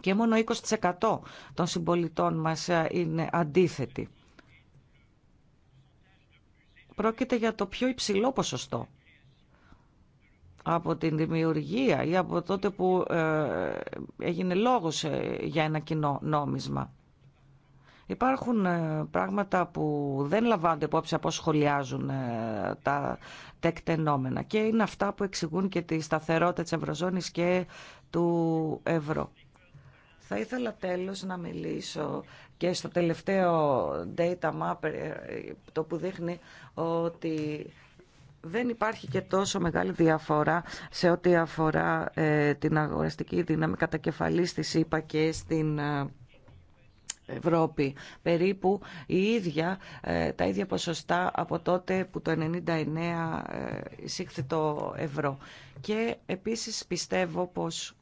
Και μόνο 20% των συμπολιτών μας είναι αντίθετοι. Πρόκειται για το πιο υψηλό ποσοστό από την δημιουργία ή από τότε που ε, έγινε λόγος ε, για ένα κοινό νόμισμα. Υπάρχουν ε, πράγματα που δεν λαμβάνονται υπόψη από σχολιάζουν τα τεκτενόμενα και είναι αυτά που εξηγούν και τη σταθερότητα της Ευρωζώνης και του ευρώ. Θα ήθελα τέλος να μιλήσω και στο τελευταίο data map το που δείχνει ότι δεν υπάρχει και τόσο μεγάλη διαφορά σε ό,τι αφορά ε, την αγοραστική δύναμη κατακεφαλή στη ΣΥΠΑ και στην ε, Ευρώπη. Περίπου η ίδια, ε, τα ίδια ποσοστά από τότε που το 1999 εισήχθη το ευρώ. Και επίσης πιστεύω πως